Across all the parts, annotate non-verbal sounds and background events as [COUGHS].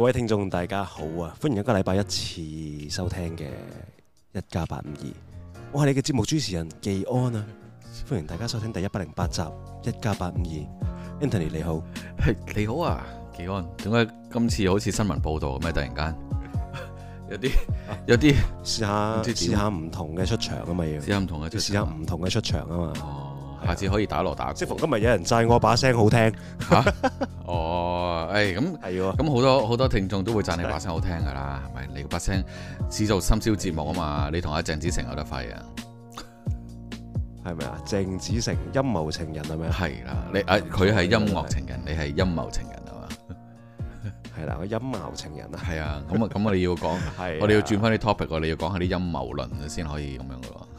各位聽眾大家好啊，歡迎一個禮拜一次收聽嘅一家八五二，我係你嘅節目主持人紀安啊，歡迎大家收聽第一百零八集一家八五二，Anthony 你好。係你好啊，紀安，點解今次好似新聞報道咁啊？突然間有啲有啲試下試下唔同嘅出場啊嘛，要試下唔同嘅，試下唔同嘅出場啊嘛。下次可以打鑼打，即逢今日有人讚我把聲好聽、啊、哦，誒、欸，咁係咁好多好多聽眾都會讚你把聲好聽噶啦，係咪？你把聲只做深宵節目啊嘛？你同阿鄭子誠有得揮啊？係咪啊？鄭子誠陰謀情人係咪？係啦，你誒，佢係音樂情人，你係陰謀情人啊嘛？係啦，個陰謀情人啊？係啊，咁啊，咁我哋要講， [LAUGHS] 的我哋要轉翻啲 topic，你要講下啲陰謀論先可以咁樣噶。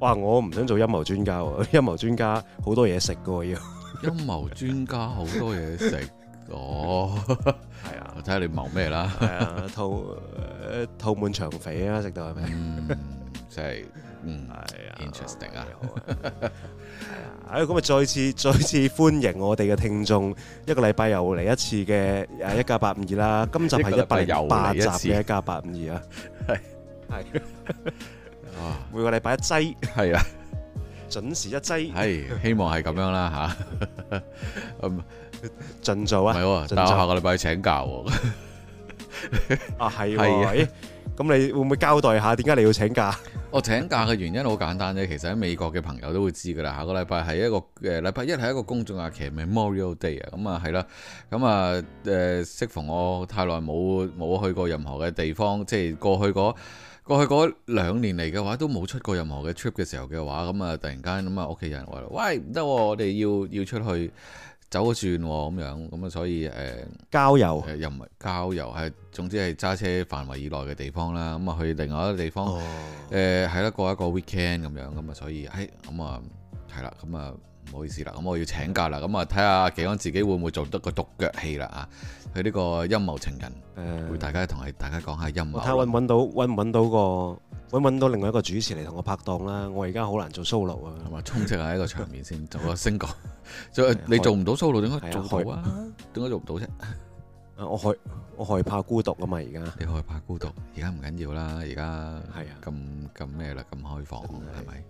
哇！我唔想做陰謀專家，陰謀專家好多嘢食噶要。陰謀專家好多嘢食， [LAUGHS] 哦，係 [LAUGHS] 啊，睇下你謀咩啦。係啊，肚肚滿腸肥啊，食到係咪？即真係，嗯，係啊，interesting 啊。哎，咁啊，再次再次歡迎我哋嘅聽眾， [LAUGHS] 一個禮拜又嚟一次嘅一加八五二啦，52, 今集係一百八集嘅一加八五二啊，係係。 [LAUGHS] [LAUGHS] 每個禮拜一劑，係啊，準時一劑，係希望係咁樣啦吓，嗯，盡 [LAUGHS] 做啊，係、喔、做下個禮拜請假喎、喔， [LAUGHS] 啊係係咁，你會唔會交代下點解你要請假？我請假嘅原因好簡單啫，其實喺美國嘅朋友都會知噶啦，下個禮拜係一個誒禮拜一係一個公眾假期 Memorial Day 啊，咁啊係啦，咁啊誒，適逢我太耐冇冇去過任何嘅地方，即係過去嗰。過去嗰兩年嚟嘅話，都冇出過任何嘅 trip 嘅時候嘅話，咁啊突然間咁啊屋企人話，喂唔得，我哋要要出去走個轉咁樣，咁啊所以誒郊遊，又唔係郊遊，係總之係揸車範圍以內嘅地方啦。咁啊去另外一個地方，誒、哦、係、呃、過一個 weekend 咁樣，咁啊所以，哎，咁啊係啦，咁啊。唔好意思啦，咁我要請假啦，咁啊睇下幾安自己會唔會做得個獨腳戲啦啊！佢呢個陰謀情人會大家同大家講下陰謀。睇下搵搵到搵唔搵到個搵唔搵到另外一個主持嚟同我拍檔啦！我而家好難做 solo 啊。同埋充斥喺呢個場面先。我先講，就你做唔到 solo 點解做到啊？點解做唔到啫？我害我害怕孤獨啊嘛！而家你害怕孤獨，而家唔緊要啦。而家係啊，咁咁咩啦？咁開放係咪？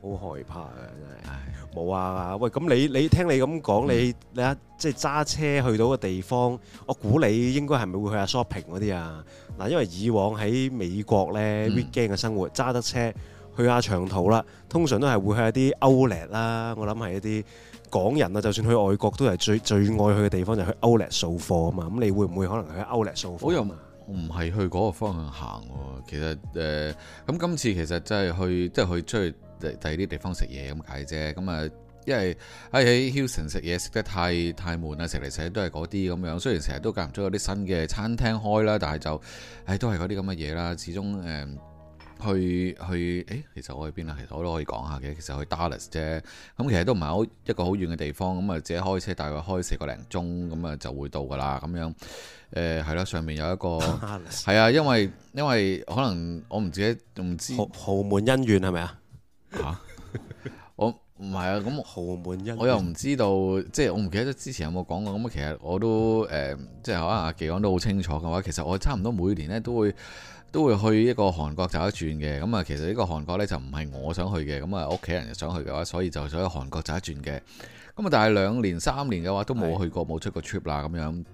好害怕啊！真係冇啊！喂，咁你你聽你咁講，你你啊，即係揸車去到個地方，我估你應該係咪會去下 shopping 嗰啲啊？嗱，因為以往喺美國呢，weekend 嘅生活揸得車去下長途啦，通常都係會去一啲 Outlet 啦。我諗係一啲港人啊，就算去外國都係最最愛去嘅地方，就去 Outlet 掃貨啊嘛。咁你會唔會可能去 Outlet 掃貨？我唔係去嗰個方向行。其實誒，咁今次其實真係去，即係去出去。第二啲地方食嘢咁解啫，咁啊，因為喺 Hilton 食嘢食得太太悶啦，食嚟食都係嗰啲咁樣。雖然成日都間唔中有啲新嘅餐廳開啦，但係就誒、哎、都係嗰啲咁嘅嘢啦。始終誒、呃、去去誒、欸，其實我去邊啊？其實我都可以講下嘅，其實去 Dallas 啫。咁其實都唔係好一個好遠嘅地方，咁啊自己開車大概開四個零鐘咁啊就會到噶啦。咁樣誒係啦，上面有一個係啊， [LAUGHS] 因為因為可能我唔自己唔知豪豪門恩怨係咪啊？吓！我唔係啊，咁豪門恩，我又唔知道，即、就、係、是、我唔記得之前有冇講過。咁其實我都誒、呃，即係可能阿記講到好清楚嘅話，其實我差唔多每年咧都會都會去一個韓國走一轉嘅。咁、嗯、啊，其實呢個韓國呢就唔係我想去嘅，咁、嗯、啊，屋企人又想去嘅話，所以就想去韓國走一轉嘅。咁、嗯、啊，但係兩年三年嘅話都冇去過，冇是的 出過 trip 啦，咁樣。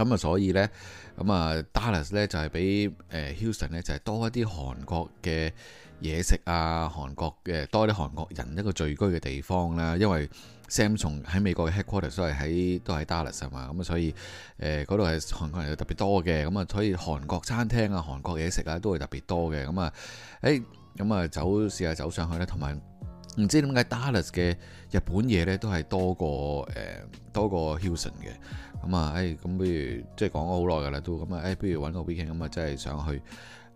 咁啊、嗯，所以呢，咁啊，Dallas 呢就係比誒 h i l s t o n 呢，就係、是呃就是、多一啲韓國嘅嘢食啊，韓國嘅多啲韓國人一個聚居嘅地方啦、啊。因為 Sam 從喺美國嘅 headquarter 都係喺都喺 Dallas 啊嘛，咁啊、嗯，所以誒嗰度係韓國人特別多嘅，咁啊，所以韓國餐廳啊、韓國嘢食啊都係特別多嘅，咁啊，誒咁啊走試下走上去咧，同埋唔知點解 Dallas 嘅日本嘢呢都係多過誒、呃、多過 h i l s t o n 嘅。咁啊，誒咁、嗯哎哎，不如、嗯、即係講咗好耐噶啦，都咁啊，誒、哎，不如揾個 weekend 咁啊，真係想去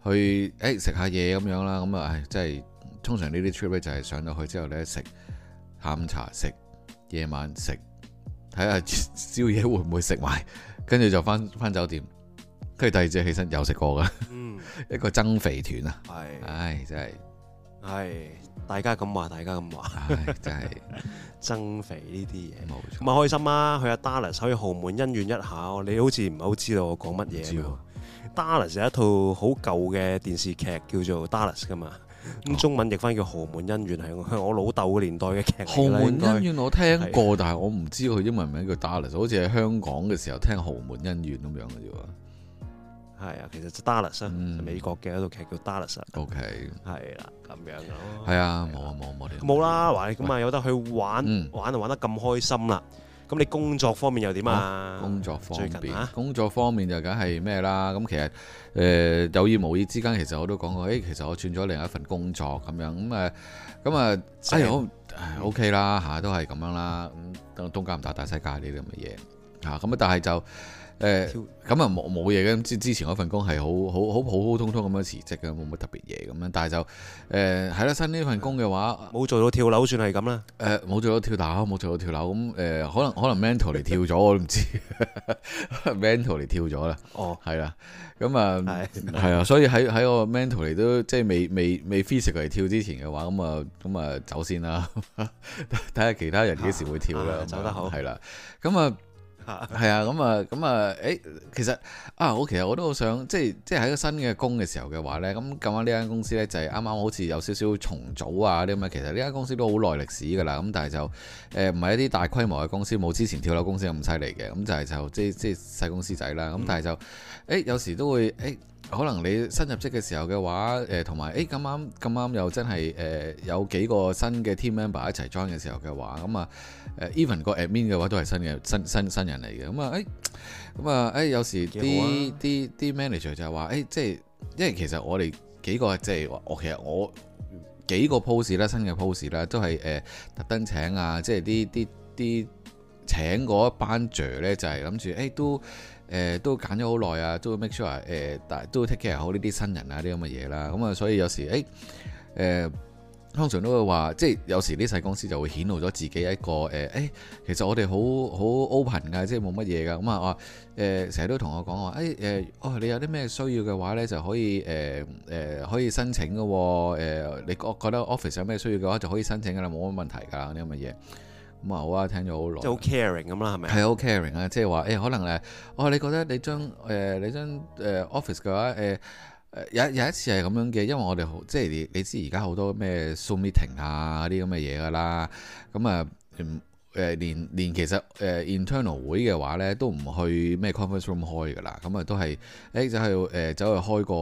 去誒食下嘢咁樣啦。咁啊，誒，真係通常呢啲 trip 咧就係上到去之後咧食下午茶，食夜晚食，睇下宵夜會唔會食埋，跟住就返返酒店。跟住第二朝起身又食過噶， [LAUGHS] 一個增肥團啊，係、嗯，唉、哎，真係係。哎大家咁話，大家咁話，哎，真係增肥呢啲嘢，冇錯咁啊開心啊！去阿 Dallas 可以豪門恩怨一下，嗯、你好似唔係好知道我講乜嘢。Dallas 係，啊、一套好舊嘅電視劇，叫做 Dallas 噶嘛，哦，咁中文譯翻叫《豪門恩怨》，係我老豆嘅年代嘅劇。豪門恩怨我聽過，是但係我唔知佢英文名叫 Dallas，好似喺香港嘅時候聽《豪門恩怨》咁樣嘅啫喎。係啊，其實就 Dallas 美國嘅一套劇叫 Dallas。O.K. 係啦，咁樣咯。係啊，冇啊冇冇啲。冇啦，咁啊有得去玩，玩就玩得咁開心啦。咁你工作方面又點啊？工作方面，工作方面就梗係咩啦？咁其實誒有意無意之間，其實我都講過，誒其實我轉咗另一份工作咁樣。咁啊，咁啊，哎好，O.K. 啦吓，都係咁樣啦。咁東家唔打打西家呢啲咁嘅嘢吓，咁啊但係就。誒，咁啊冇冇嘢嘅，咁之之前嗰份工係好好好普普通通咁樣辭職嘅，冇乜特別嘢咁樣，但係就誒係啦，新呢份工嘅話，冇做到跳樓算係咁啦。誒、欸，冇做到跳樓，冇做到跳樓，咁、嗯、誒可能可能 mental 嚟跳咗，我都唔知。 [LAUGHS] [LAUGHS] mental 嚟跳咗啦。哦、oh.，係啦、啊，咁啊係啊，所以喺喺我 mental 嚟都即係未未未，未 physical 嚟跳之前嘅話，咁啊咁啊走先啦，睇 [LAUGHS] 下其他人幾時會跳啦、啊。走得好。係啦，咁啊。嗯嗯。係啊，咁啊，咁啊，誒、欸，其實啊，我其實我都好想，即係即係喺個新嘅工嘅時候嘅話咧，咁啱呢間公司呢，就係啱啱好似有少少重組啊啲咁嘅。其實呢間公司都好耐歷史㗎啦，咁但係就誒唔係一啲大規模嘅公司，冇之前跳樓公司咁犀利嘅，咁就係、係、就係、即係即係細公司仔啦，咁但係就誒、欸、有時都會誒。欸可能你新入職嘅時候嘅話，誒同埋，誒咁啱咁啱又真係誒、呃、有幾個新嘅 team member 一齊 join 嘅時候嘅話，咁啊誒 even 個 admin 嘅話都係新嘅新新新人嚟嘅，咁啊誒，咁啊誒有時啲啲啲 manager 就係話，誒、欸、即係，因為其實我哋幾個即係話，我其實我幾個 post 啦，新嘅 post 啦，都係誒特登請啊，即係啲啲啲請嗰一班 jo 咧，就係諗住誒都。誒、呃、都揀咗好耐啊，都 make sure 誒、呃，但都 take care 好呢啲新人啊啲咁嘅嘢啦。咁、嗯、啊，所以有時誒誒，通、欸呃、常，常都會話，即係有時啲細公司就會顯露咗自己一個誒，誒、欸、其實我哋好好 open 㗎，即係冇乜嘢㗎。咁、嗯、啊，誒成日都同我講話，誒、欸、誒，哦、呃、你有啲咩需要嘅話咧，就可以誒誒、呃呃、可以申請嘅喎、哦呃，你我覺得 office 有咩需要嘅話就可以申請㗎啦，冇乜問題㗎啦呢啲咁嘅嘢。咁啊好啊，聽咗好耐，即係好 caring 咁啦，係咪？係好 caring 啊，即係話誒，可能咧，哦，你覺得你將誒、呃、你將誒 office 嘅話誒誒有有一次係咁樣嘅，因為我哋好即係你你知而家好多咩 Zoom meeting 啊啲咁嘅嘢噶啦，咁啊。嗯呃誒連連其實誒 internal 會嘅話咧，都唔去咩 conference room 開噶啦，咁啊都係誒就係誒走去開個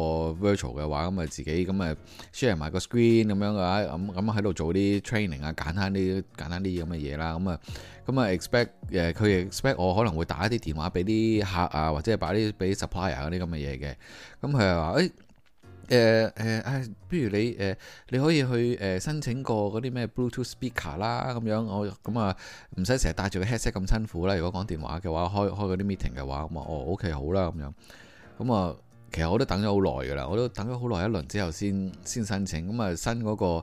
virtual 嘅話，咁、嗯、啊自己咁啊 share 埋個 screen 咁樣嘅話，咁咁喺度做啲 training 啊，簡單啲簡單啲咁嘅嘢啦，咁啊咁啊 expect 誒、欸、佢 expect 我可能會打一啲電話俾啲客啊，或者係擺啲俾 supplier 嗰啲咁嘅嘢嘅，咁佢又話誒。誒誒、uh, 呃啊呃啊嗯，啊，不如你誒，你可以去誒申請個嗰啲咩 Bluetooth speaker 啦，咁樣我咁啊，唔使成日戴住個 headset 咁辛苦啦。如果講電話嘅話，開開嗰啲 meeting 嘅話，咁、嗯、啊，哦，OK，好啦，咁樣，咁、嗯、啊，其實我都等咗好耐㗎喇，我都等咗好耐，一輪之後先先申請，咁啊，新嗰、那個誒、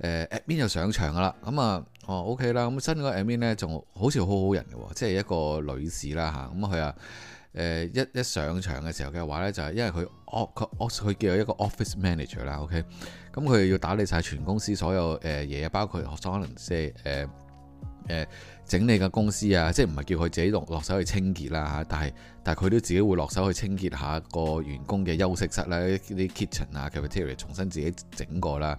欸、admin 就上場㗎喇，咁、嗯嗯嗯 OK, 啊，哦，OK 啦，咁新嗰個 admin 咧，仲好似好好人嘅喎，即係一個女士啦吓，咁佢啊。嗯啊誒一一上場嘅時候嘅話呢，就係、是、因為佢 o 佢叫佢一個 office manager 啦，OK，咁、嗯、佢要打理晒全公司所有誒嘢、呃，包括可能即係誒誒整理嘅公司啊，即係唔係叫佢自己落落手去清潔啦、啊、但係但係佢都自己會落手去清潔下個員工嘅休息室啦，啲 kitchen 啊，kitchen、啊、重新自己整過啦。啊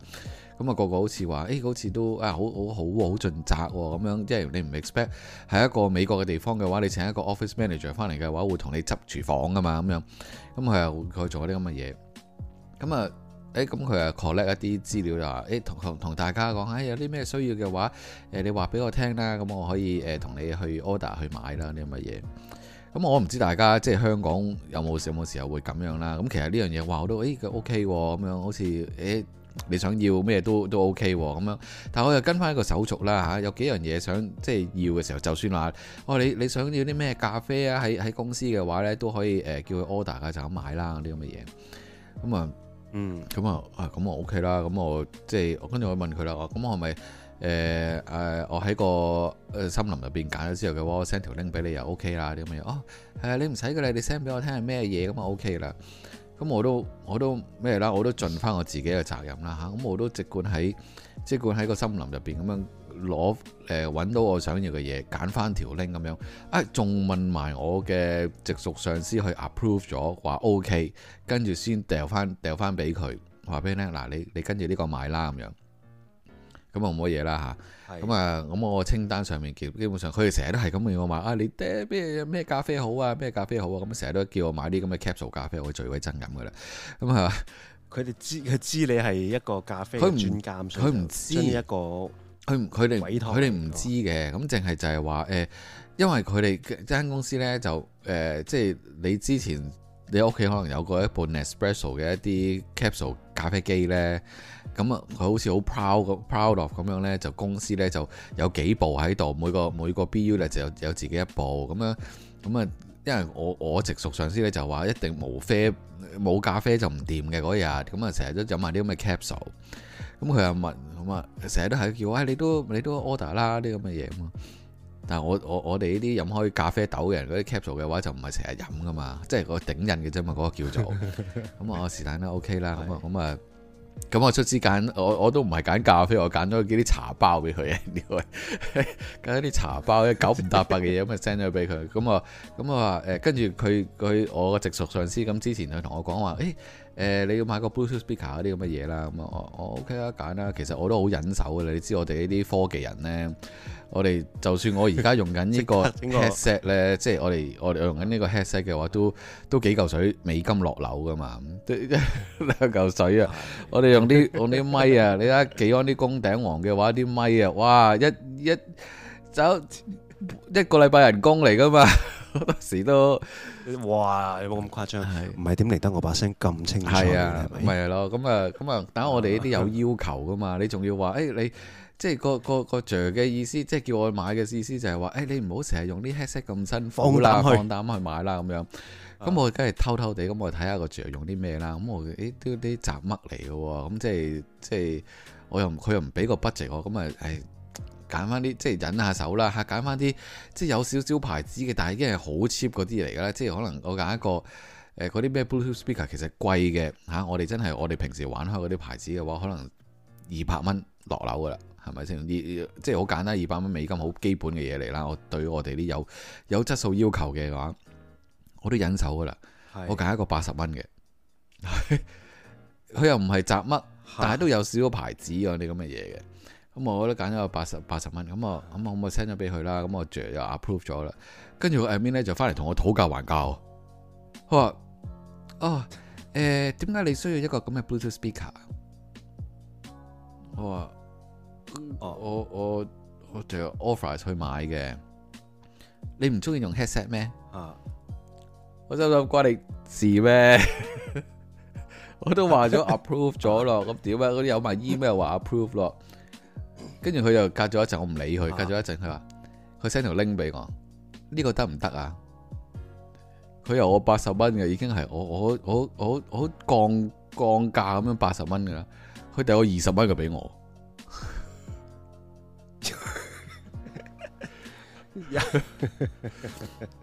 咁啊，個個好似話，誒、欸，好似都啊，好好好喎，好盡責喎，咁樣，即係你唔 expect 係一個美國嘅地方嘅話，你請一個 office manager 翻嚟嘅話，會同你執廚房㗎嘛，咁樣，咁佢又會做啲咁嘅嘢。咁、欸哎哎呃、啊，誒，咁佢又 collect 一啲資料就話，誒，同同大家講，誒，有啲咩需要嘅話，誒，你話俾我聽啦，咁我可以誒，同、呃、你去 order 去買啦，啲咁嘅嘢。咁、嗯、我唔知大家 klar, 即係香港有冇上過時候會咁樣啦。咁其實呢樣嘢話我都 Writing，誒、呃，佢 OK 咁樣好似，誒。你想要咩都都 OK 喎，咁樣，但係我又跟翻一個手續啦嚇、啊，有幾樣嘢想即係要嘅時候，就算話，哦、啊、你你想要啲咩咖啡啊？喺喺公司嘅話咧，都可以誒叫佢 order 嘅就咁買啦啲咁嘅嘢。咁啊，嗯，咁啊啊咁我 OK 啦，咁我即係我跟住我問佢啦，咁、啊啊、我係咪誒誒我喺個誒森林入邊揀咗之後嘅話，send 條 link 俾你又 OK 啦啲咁嘅嘢。哦，誒你唔使嘅啦，你 send 俾我聽係咩嘢咁啊 OK 啦。咁我都我都咩啦？我都盡翻我自己嘅責任啦嚇！咁、啊、我都儘管喺，儘管喺個森林入邊咁樣攞誒揾到我想要嘅嘢，揀翻條 link 咁樣，啊仲問埋我嘅直屬上司去 approve 咗話 OK，跟住先掉翻掉翻俾佢，話俾你聽嗱、啊，你你跟住呢個買啦咁樣。咁是的 啊冇乜嘢啦吓，咁啊咁我清單上面叫，基本上佢哋成日都係咁叫我買，啊你咩咩咖啡好啊，咩咖啡好啊，咁成日都叫我買啲咁嘅 capsule 咖啡，我最鬼憎咁噶啦，咁係嘛？佢哋知佢知你係一個咖啡，佢唔佢唔知一個，佢佢哋佢哋唔知嘅，咁淨係就係話誒，因為佢哋一間公司呢，就誒，即、呃、係、就係、你之前你屋企可能有過一部 Nespresso 嘅一啲 capsule 咖啡機呢。咁啊，佢好似好 proud proud of 咁樣咧，就公司咧就有幾部喺度，每個每個 BU 咧就有有自己一部咁啊。咁啊，因為我我直屬上司咧就話一定無啡冇咖啡就唔掂嘅嗰日，咁啊成日都飲埋啲咁嘅 capsule。咁佢又問，咁啊成日都係叫我，你都你都 order 啦啲咁嘅嘢。但係我我我哋呢啲飲開咖啡豆嘅人嗰啲 capsule 嘅話，就唔係成日飲噶嘛，即係個頂癮嘅啫嘛，嗰個叫做。咁啊，是但都 OK 啦。咁啊咁啊。咁我出資揀，我我都唔係揀咖啡，我揀咗幾啲茶包俾佢啊！揀咗，啲茶包咧，九唔搭八嘅嘢，咁啊 send 咗俾佢。咁啊，咁我話跟住佢佢我個直屬上司咁，之前佢同我講話，誒、哎、誒、呃，你要買個 Bluetooth speaker 嗰啲咁嘅嘢啦。咁啊，我我、哦、OK 啦，揀啦。其實我都好忍手㗎喇，你知我哋呢啲科技人咧。我哋就算我而家用緊呢個 headset 咧，即係我哋我哋用緊呢個 headset 嘅話，都都幾嚿水美金落樓噶嘛，兩嚿水啊！我哋用啲用啲咪啊，你睇下幾安啲工頂王嘅話，啲咪啊，哇一一走一個禮拜人工嚟噶嘛，有時都哇有冇咁誇張？唔係點嚟得我把聲咁清晰？係啊，咪係咯，咁啊咁啊，等我哋呢啲有要求噶嘛，你仲要話誒你？即係個個個 je 嘅意思，即係叫我去買嘅意思就係話：，誒、哎，你唔好成日用啲黑色咁新風，放膽放膽去買啦咁樣。咁、啊、我梗係偷偷地咁、嗯、我睇下個 je 用啲咩啦。咁我誒都啲雜物嚟嘅喎。咁、嗯、即係即係我又佢又唔俾個 budget 我，咁咪誒揀翻啲即係、哎、忍下手啦嚇，揀翻啲即係有少少牌子嘅，但係已經係好 cheap 嗰啲嚟㗎啦。即係可能我揀一個誒嗰啲咩 Bluetooth speaker，其實貴嘅嚇，我哋真係我哋平時玩開嗰啲牌子嘅話，可能二百蚊落樓㗎啦。係咪先？二即係好簡單，二百蚊美金好基本嘅嘢嚟啦。我對於我哋啲有有質素要求嘅話，我都忍手噶啦。是我揀一個八十蚊嘅，佢 [LAUGHS] 又唔係雜乜，是但係都有少少牌子嗰啲咁嘅嘢嘅。咁、嗯、我覺得揀咗個八十八十蚊。咁我咁我咪 send 咗俾佢啦。咁我，我 approve 就 approve 咗啦。跟住個 admin 咧就翻嚟同我討價還價。佢話：，哦，誒、呃，點解你需要一個咁嘅 Bluetooth speaker？我話、啊。哦、oh.，我我我仲有 offer 去買嘅，你唔中意用 headset 咩？啊，我就諗關你事咩？我都話咗 approve 咗咯，咁點咧？嗰啲有埋 email 話 approve 咯，跟住佢就隔咗一陣，我唔理佢，隔咗一陣佢話佢 send 條 link 俾我，呢個得唔得啊？佢由我八十蚊嘅已經係我我我我我降降價咁樣八十蚊噶啦，佢遞我二十蚊嘅俾我。我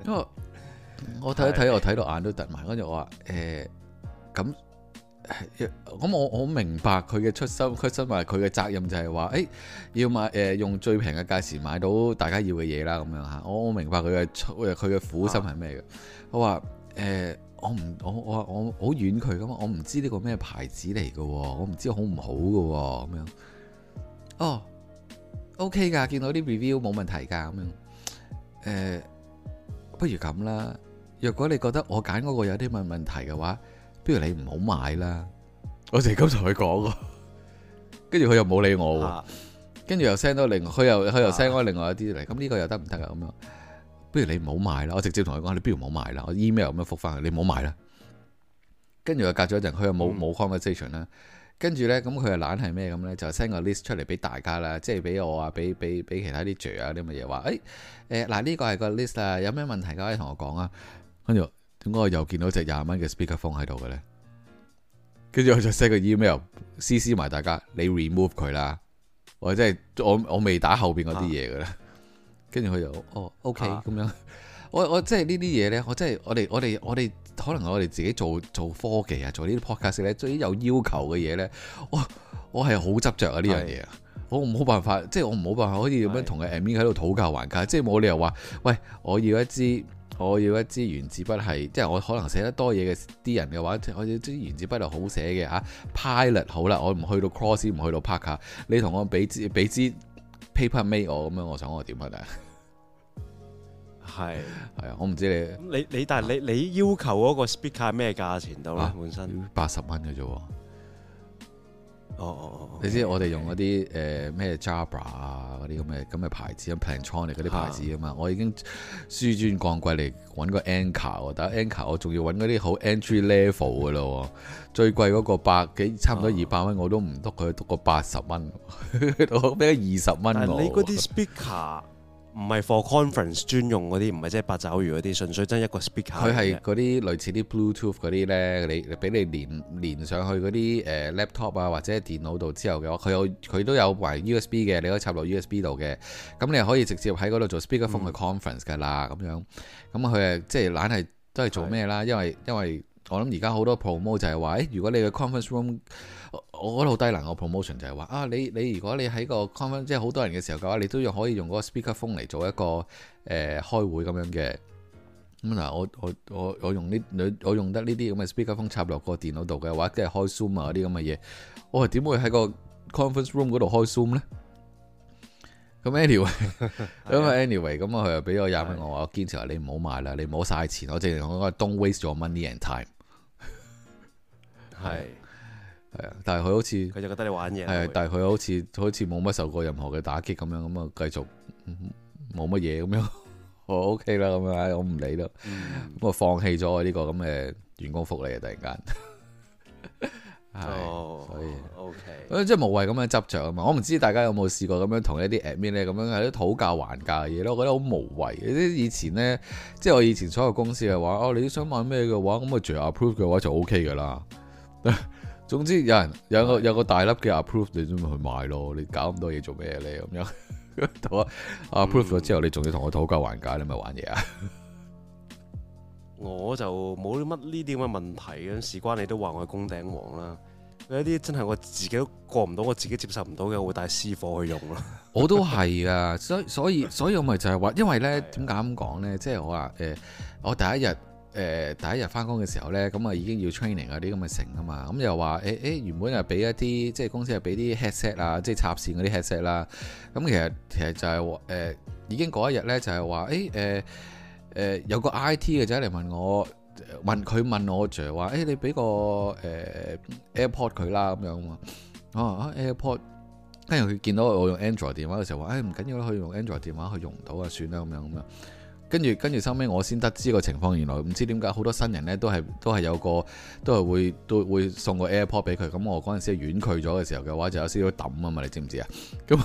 因為 [LAUGHS] 我睇一睇，我睇到眼都突埋，我就話誒，咁、欸、咁我我明白佢嘅初心，初心話佢嘅責任就係話誒，要買誒、呃、用最平嘅價錢買到大家要嘅嘢啦，咁樣吓，我我明白佢嘅佢嘅苦心係咩嘅，我話誒，我唔我我我好遠佢噶嘛，我唔知呢個咩牌子嚟噶，我唔知好唔好噶，咁樣，哦，OK 噶，見到啲 review 冇問題噶，咁樣。誒、呃，不如咁啦。若果你覺得我揀嗰個有啲咩問題嘅話，不如你唔好買啦。我就咁同佢講，跟住佢又冇理我。跟住又 send 到另，佢又佢又 send 咗另外一啲嚟。咁呢個又得唔得啊？咁樣，不如你唔好買啦。我直接同佢講，你不如唔好買啦。我 email 咁樣覆翻佢，你唔好買啦。跟住又隔咗一陣，佢又冇冇 conversation 啦。嗯跟住呢，咁佢又懶係咩咁呢？就 send 個 list 出嚟俾大家啦，即係俾我啊，俾俾俾其他啲 j a 啊啲乜嘢話，誒誒嗱，呢個係個 list 啦，有咩問題可以同我講啊？跟住我點解我又見到隻廿蚊嘅 speakerphone 喺度嘅呢？跟住我就 send 個 email CC 埋大家，你 remove 佢啦。我真係，我我未打後邊嗰啲嘢嘅咧。跟住佢就哦 OK 咁樣。我我即係呢啲嘢呢，我真係，我哋我哋我哋。可能我哋自己做做科技啊，做呢啲 podcast 咧，最啲有要求嘅嘢咧，我我係好執着啊呢樣嘢啊，我冇是的 辦法，即係我冇辦法可以咁樣同個 admin 喺度討價還價，即係冇理由話，喂，我要一支，我要一支原子筆係，即係我可能寫得多嘢嘅啲人嘅話，我啲原子筆嚟好寫嘅吓，Pilot 好啦，我唔去到 Cross 唔去到 Parker 你同我俾支俾支 Paper Mate 我咁樣，我想我點去咧？係，係啊，我唔知你，你你但係你你要求嗰個 speaker 咩價錢到咧？啊、本身八十蚊嘅啫，哦哦哦，oh, okay. 你知我哋用嗰啲誒咩 Jabra 啊嗰啲咁嘅咁嘅牌子咁 Plantronics 嚟嗰啲牌子啊嘛，啊我已經紆尊降貴嚟揾個 anchor，但 anchor 我仲要揾嗰啲好 entry level 嘅咯， [LAUGHS] 最貴嗰個百幾，差唔多二百蚊，我都唔篤佢篤個八十蚊，啊、 [LAUGHS] 我俾二十蚊你嗰啲 speaker。 [LAUGHS] 唔係 for conference 專用嗰啲，唔係即係八爪魚嗰啲，純粹真係一個 speaker。佢係嗰啲類似啲 bluetooth 嗰啲呢，你俾你連連上去嗰啲誒、呃、laptop 啊或者電腦度之後嘅話，佢有佢都有埋 USB 嘅，你可以插落 USB 度嘅，咁你可以直接喺嗰度做 speakerphone 嘅 conference 㗎啦，咁、嗯、樣，咁佢係即係懶係都係做咩啦是的？因為因為。我諗而家好多 promote 就係話，誒如果你嘅 conference room，我覺得好低能我 promotion 就係話，啊你你如果你喺個 conference 即係好多人嘅時候嘅話，你都仲可以用嗰個 speaker phone 嚟做一個誒、呃、開會咁樣嘅。咁、嗯、嗱、啊，我我我我用呢，我用得呢啲咁嘅 speaker phone 插落個電腦度嘅話，即係開 zoom 啊啲咁嘅嘢。我點會喺個 conference room 嗰度開 zoom 咧？咁 anyway，因為 anyway 咁啊，佢又俾我廿蚊我話，我堅持話你唔好買啦，你唔好嘥錢，我淨係我嗰個 don't waste your money and time。係係啊，但係佢好似佢就覺得你玩嘢係，是但係佢好似 [LAUGHS] 好似冇乜受過任何嘅打擊咁樣咁啊，繼續冇乜嘢咁樣，我 OK 啦咁啊，我唔理咯。咁啊，放棄咗我呢個咁嘅員工福利啊，突然間係所以 OK 即係無謂咁樣執着啊嘛。我唔知大家有冇試過咁樣同一啲 admin 咧咁樣喺度討價還價嘅嘢咧，我覺得好無謂。即以前咧，即係我以前所有公司嘅話，哦、啊、你想買咩嘅話咁啊，只要 approve 嘅話就 OK 噶啦。 [LAUGHS] 總之有人有個有個大粒嘅 approve，你都咪去買咯。你搞咁多嘢做咩咧？咁樣同 [LAUGHS] 我 approve 咗之後，嗯、你仲要同我討價還價，你咪玩嘢啊！我就冇乜呢啲咁嘅問題嘅，事關你都話我係攻頂王啦。有一啲真係我自己都過唔到，我自己接受唔到嘅，我會帶私貨去用咯。 [LAUGHS] 我都係啊，所 [LAUGHS] 所以所以，所以我咪就係、就、話、是，因為咧點解咁講咧？即係的、就是、我話誒、呃，我第一日。誒第一日翻工嘅時候咧，咁啊已經要 training 嗰啲咁嘅成啊嘛，咁又話誒誒原本又俾一啲即係公司係俾啲 headset 啊，即係插線嗰啲 headset 啦。咁其實其實就係誒已經嗰一日咧就係話誒誒誒有個 IT 嘅仔嚟問我問佢問我啫，話誒你俾個誒 AirPod 佢啦咁樣啊嘛，啊 AirPod，跟住佢見到我用 Android 電話嘅時候話誒唔緊要啦，可以用 Android 電話佢用唔到啊，算啦咁樣咁樣。跟住跟住收尾，我先得知個情況，原來唔知點解好多新人咧都係都係有個都係會都會送個 AirPod 俾佢。咁我嗰陣時係婉拒咗嘅時候嘅話就有少少抌啊嘛，你知唔知啊？咁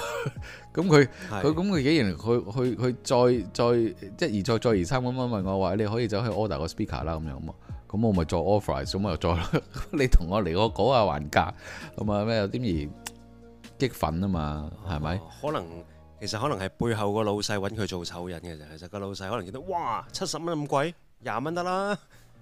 咁佢佢咁佢幾然，佢佢佢再再即係而再再而三咁樣問我話，你可以走去 order speaker, ice, [LAUGHS] 個 speaker 啦咁樣啊？咁我咪再 offer 咁我又再咯，你同我嚟，我講下還價，咁啊咩？有啲而激憤啊嘛，係咪？Here, 是是可能。其實可能係背後個老細揾佢做醜人嘅啫。其實個老細可能見到，哇，七十蚊咁貴，廿蚊得啦，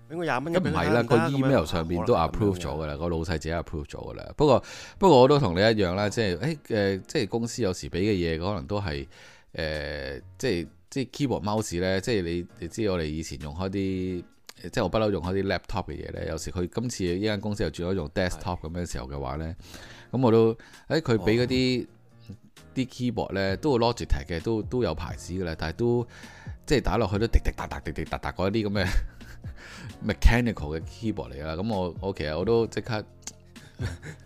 俾我廿蚊。咁唔係啦，個 email, 樣 email 上面、啊、都 approve 咗㗎啦，個老細自己 approve 咗㗎啦。不過不過我都同你一樣啦，即係誒誒，即係公司有時俾嘅嘢可能都係誒、欸，即係即係 keyboard mouse 咧，即係你你知我哋以前用開啲，即係我不嬲用開啲 laptop 嘅嘢咧。有時佢今次呢間公司又轉咗用 desktop 咁嘅的時候嘅話咧，咁我都誒佢俾嗰啲。欸啲 keyboard 咧都會 Logitech 嘅，都都有牌子嘅啦，但係都即係打落去都滴滴答答、滴滴答答嗰啲咁嘅 mechanical 嘅 keyboard 嚟啦。咁我我其實我都即刻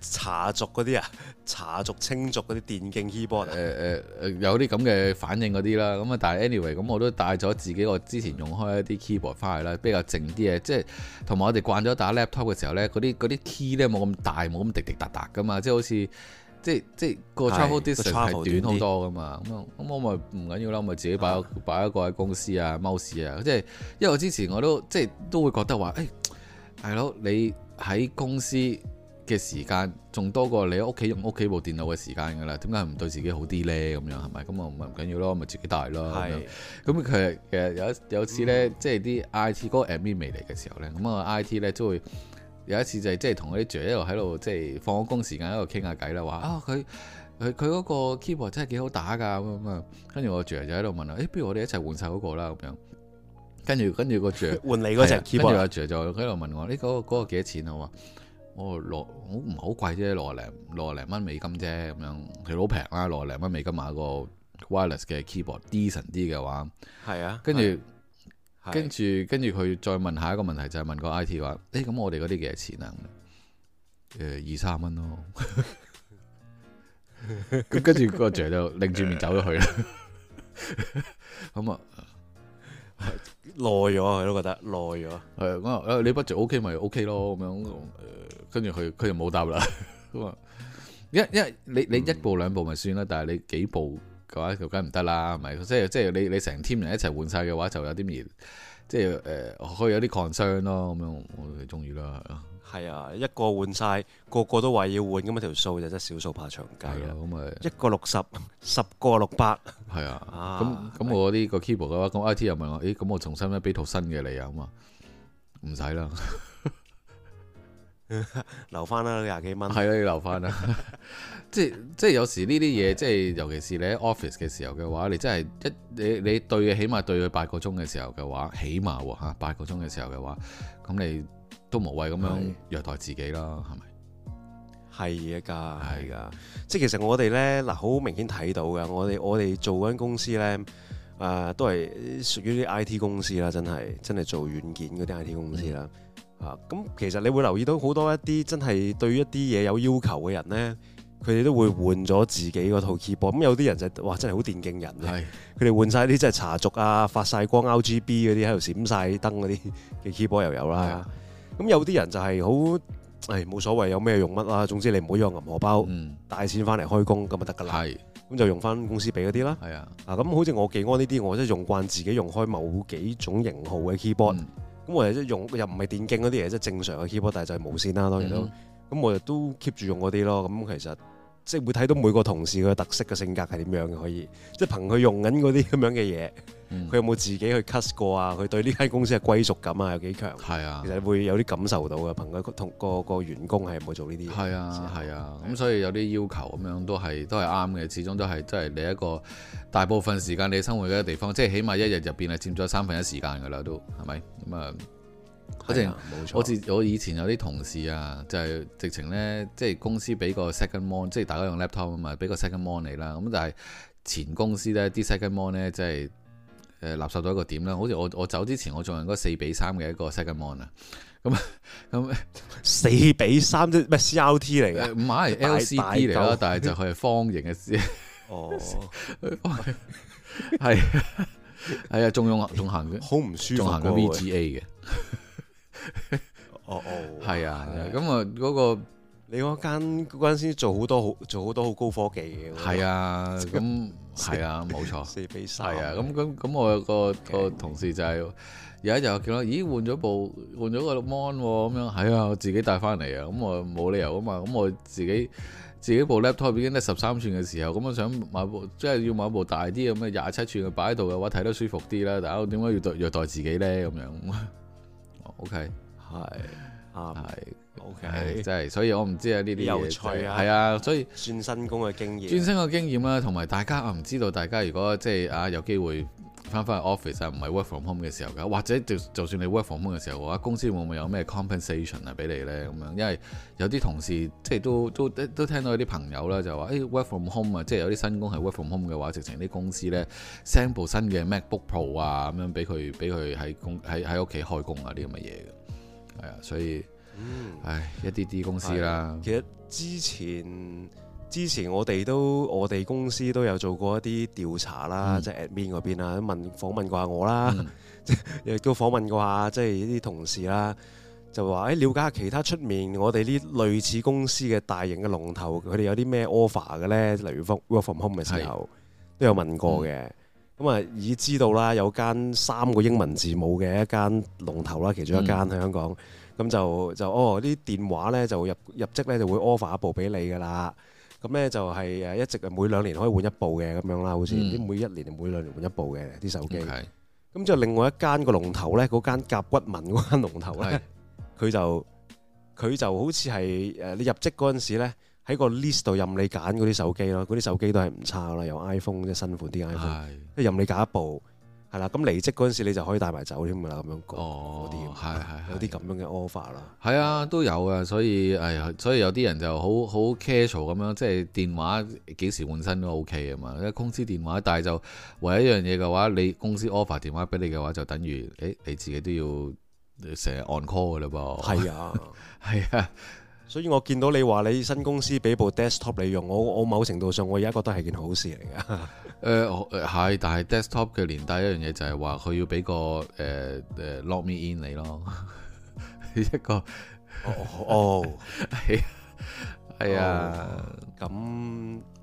茶軸嗰啲啊，茶軸 [LAUGHS] 青軸嗰啲電競 keyboard、呃。誒、呃、誒有啲咁嘅反應嗰啲啦。咁啊，但係 anyway，咁我都帶咗自己我之前用開一啲 keyboard 翻嚟啦，比較靜啲嘅。即係同埋我哋慣咗打 laptop 嘅時候咧，嗰啲啲 key 咧冇咁大，冇咁滴滴答答噶嘛，即係好似。即係即係個 travel distance 係短好多噶嘛，咁咁、嗯、我咪唔緊要咯，咪自己擺擺一個喺公司啊、貓屎啊，即係因為我之前我都即係都會覺得話，誒係咯，你喺公司嘅時間仲多過你屋企用屋企部電腦嘅時間㗎啦，點解唔對自己好啲咧？咁樣係咪？咁我咪唔緊要咯，咪自己帶咯。咁佢的其實有有次咧，嗯、即係啲 IT 嗰個 admin 未嚟嘅時候咧，咁啊 IT 咧都會。有一次就係即係同嗰啲 Jay 喺度喺度即係放工時間喺度傾下偈啦，話啊佢佢佢嗰個 keyboard 真係幾好打㗎咁啊！跟住我 Jay 就喺度問啊，誒不如我哋一齊換晒嗰個啦咁樣。跟住跟住個 Jay 換你嗰隻 keyboard，跟住阿 Jay 就喺度問我，呢個嗰個幾多錢啊？我話我六唔係好貴啫，六廿零六廿零蚊美金啫咁樣，其實好平啦，六廿零蚊美金買個 wireless 嘅 keyboard decent 啲嘅話。係啊，跟住。跟住，跟住佢再問下一個問題，就係、是、問個 I T 話：，誒咁我哋嗰啲幾多錢啊？誒、eh，二三蚊咯。咁跟住個姐、er、就擰住面走咗去啦。咁啊耐咗啊，佢都覺得耐咗。係咁啊，誒你 budget O K 咪 O K 咯，咁樣。誒跟住佢，佢就冇答啦。咁 [LAUGHS] 啊，因因為你你一,一,一兩步兩步咪算啦，但係你幾步，嘅話梗唔得啦，係咪？即係即係你你成 team 人一齊換晒嘅話，就有啲咩？即係誒、呃，可以有啲 concern 咯，咁樣我哋中意啦。係啊，啊一個換晒，個個都話要換，咁啊條數就真係少數怕長計啦。咁咪一個六十，十個六百，係啊，咁咁、就是 [LAUGHS] 啊、我呢個 keyboard 嘅話，咁 IT 又問我，誒咁我重新咩俾套新嘅嚟啊？咁話唔使啦。 [LAUGHS] [LAUGHS] 留翻啦，廿幾蚊係啦，要留翻啦。 [LAUGHS] 即係即係有時呢啲嘢， [LAUGHS] 即係尤其是你喺 office 嘅時候嘅話，你真係一你你對起碼對佢八個鐘嘅時候嘅話，起碼吓、啊、八個鐘嘅時候嘅話，咁你都無謂咁樣虐待自己啦，係咪的？係啊，噶係噶，即係其實我哋咧嗱，好、呃、明顯睇到噶，我哋我哋做嗰間公司咧，誒、呃、都係屬於啲 I T 公司啦，真係真係做軟件嗰啲 I T 公司啦。嗯啊，咁其實你會留意到好多一啲真係對於一啲嘢有要求嘅人咧，佢哋都會換咗自己嗰套 Keyboard。咁有啲人就係、哇真係好電競人嘅，佢哋換晒啲即係茶軸啊，發晒光 RGB 嗰啲喺度閃晒燈嗰啲嘅 Keyboard 又有啦。咁是的 有啲人就係好誒冇所謂，有咩用乜啦，總之你唔好用銀荷包帶、嗯、錢翻嚟開工咁就得噶是的 啦。咁就用翻公司俾嗰啲啦。係啊，咁好似我技安呢啲，我真係用慣自己用開某幾種型號嘅 Keyboard。嗯咁我哋即係用又唔係電競嗰啲嘢，即係正常嘅 keyboard，但係就係無線啦，當然、嗯、都。咁我哋都 keep 住用嗰啲咯。咁其實即係會睇到每個同事嘅特色嘅性格係點樣嘅，可以即係憑佢用緊嗰啲咁樣嘅嘢。佢、嗯、有冇自己去 cut 過啊？佢對呢間公司嘅歸屬感啊，有幾強？係啊，其實會有啲感受到嘅。憑個同個個員工係唔會做呢啲嘢。係啊，係啊。咁、啊、所以有啲要求咁樣都係、啊、都係啱嘅。始終都係即係你一個大部分時間你生活嘅地方，即、就、係、是、起碼一日入邊係佔咗三分一時間㗎啦。都係咪？咁、嗯、啊，好似我，冇錯、我以前有啲同事啊，就係、是、直情咧，即係公司俾個 second mon，即係大家用 laptop 啊嘛，俾個 second mon 嚟啦。咁但係前公司咧，啲 second mon 咧即係。誒垃圾到一個點啦，好似我，我走之前我仲係嗰四比三嘅一個 second one 啊，咁咁四比三即係乜 C R T 嚟嘅？唔係 L C D 嚟咯，但係就佢係方形嘅字哦，係啊係啊，仲用仲行嘅，好唔舒服，仲行個 V G A 嘅，哦哦，係啊，咁啊嗰個。你嗰間嗰間做好多好做好多好高科技嘅，係啊，咁係四啊，冇錯，四比三，係啊，咁咁咁，我有個 okay，個同事就係有一日我見到，咦換咗部換咗個 mon 咁、啊、樣，係啊，我自己帶翻嚟啊，咁我冇理由啊嘛，咁我自己自己部 lap top 已經得十三寸嘅時候，咁我想買部即係、就是、要買部大啲嘅咁嘅廿七寸嘅擺喺度嘅話，睇得舒服啲啦，大家點解要虐待自己咧咁樣，樣？OK，係。係、um,，OK，即係、哎就是，所以我唔知啊呢啲有趣啊，係、就是、啊，所以轉新工嘅經驗，轉新嘅經驗啦，同埋大家啊，唔知道大家如果即係啊有機會翻返去 office 啊，唔係 work from home 嘅時候噶，或者就就算你 work from home 嘅時候，嘅話公司會唔會有咩 compensation 啊俾你咧？咁樣，因為有啲同事即係都都都聽到有啲朋友啦，就話，誒、欸、work from home 啊，即係有啲新工係 work from home 嘅話，直情啲公司咧 send 部新嘅 MacBook Pro 啊，咁樣俾佢俾佢喺工喺喺屋企開工啊啲咁嘅嘢嘅。所以，嗯、唉，一啲啲公司啦。其實之前之前我哋都我哋公司都有做過一啲調查啦，即係 admin 嗰邊啊，問訪問過下我啦，即係都訪問過下，即係呢啲同事啦，就話誒，了解下其他出面我哋呢類似公司嘅大型嘅龍頭，佢哋有啲咩 offer 嘅咧？例如福 work from home 嘅時候，是都有問過嘅。嗯咁啊，已知道啦，有間三個英文字母嘅一間龍頭啦，其中一間喺香港。咁、嗯、就就哦，啲電話呢，就入入職咧就會 offer 一部俾你噶啦。咁呢，就係誒，一直每兩年可以換一部嘅咁樣啦，好似啲、嗯、每一年每兩年換一部嘅啲手機。咁 Okay. 就另外一間個龍頭呢，嗰間甲骨文嗰間龍頭呢，佢是就佢就好似係誒，你入職嗰陣時咧。喺個 list 度任你揀嗰啲手機咯，嗰啲手機都係唔差啦，有 iPhone 即係新款啲 iPhone，即係任你揀一部，係啦。咁離職嗰陣時你就可以帶埋走添啊，咁樣講，有啲有啲咁樣嘅 offer 啦。係啊，都有啊。所以誒、哎，所以有啲人就好好 casual 咁樣，即係電話幾時換新都 OK 啊嘛。因為公司電話帶，但係就唯一樣嘢嘅話，你公司 offer 電話俾你嘅話，就等於誒、哎、你自己都要成日 on call 嘅咯噃。係啊的，係啊。 [LAUGHS] 所以我見到你話你新公司俾部 desktop 你用，我我某程度上我而家覺得係件好事嚟㗎。誒、呃，係、呃，但係 desktop 嘅年代一樣嘢就係話佢要俾個誒誒、呃呃、lock me in 你咯， [LAUGHS] 一個哦哦，係係啊，咁、oh, oh。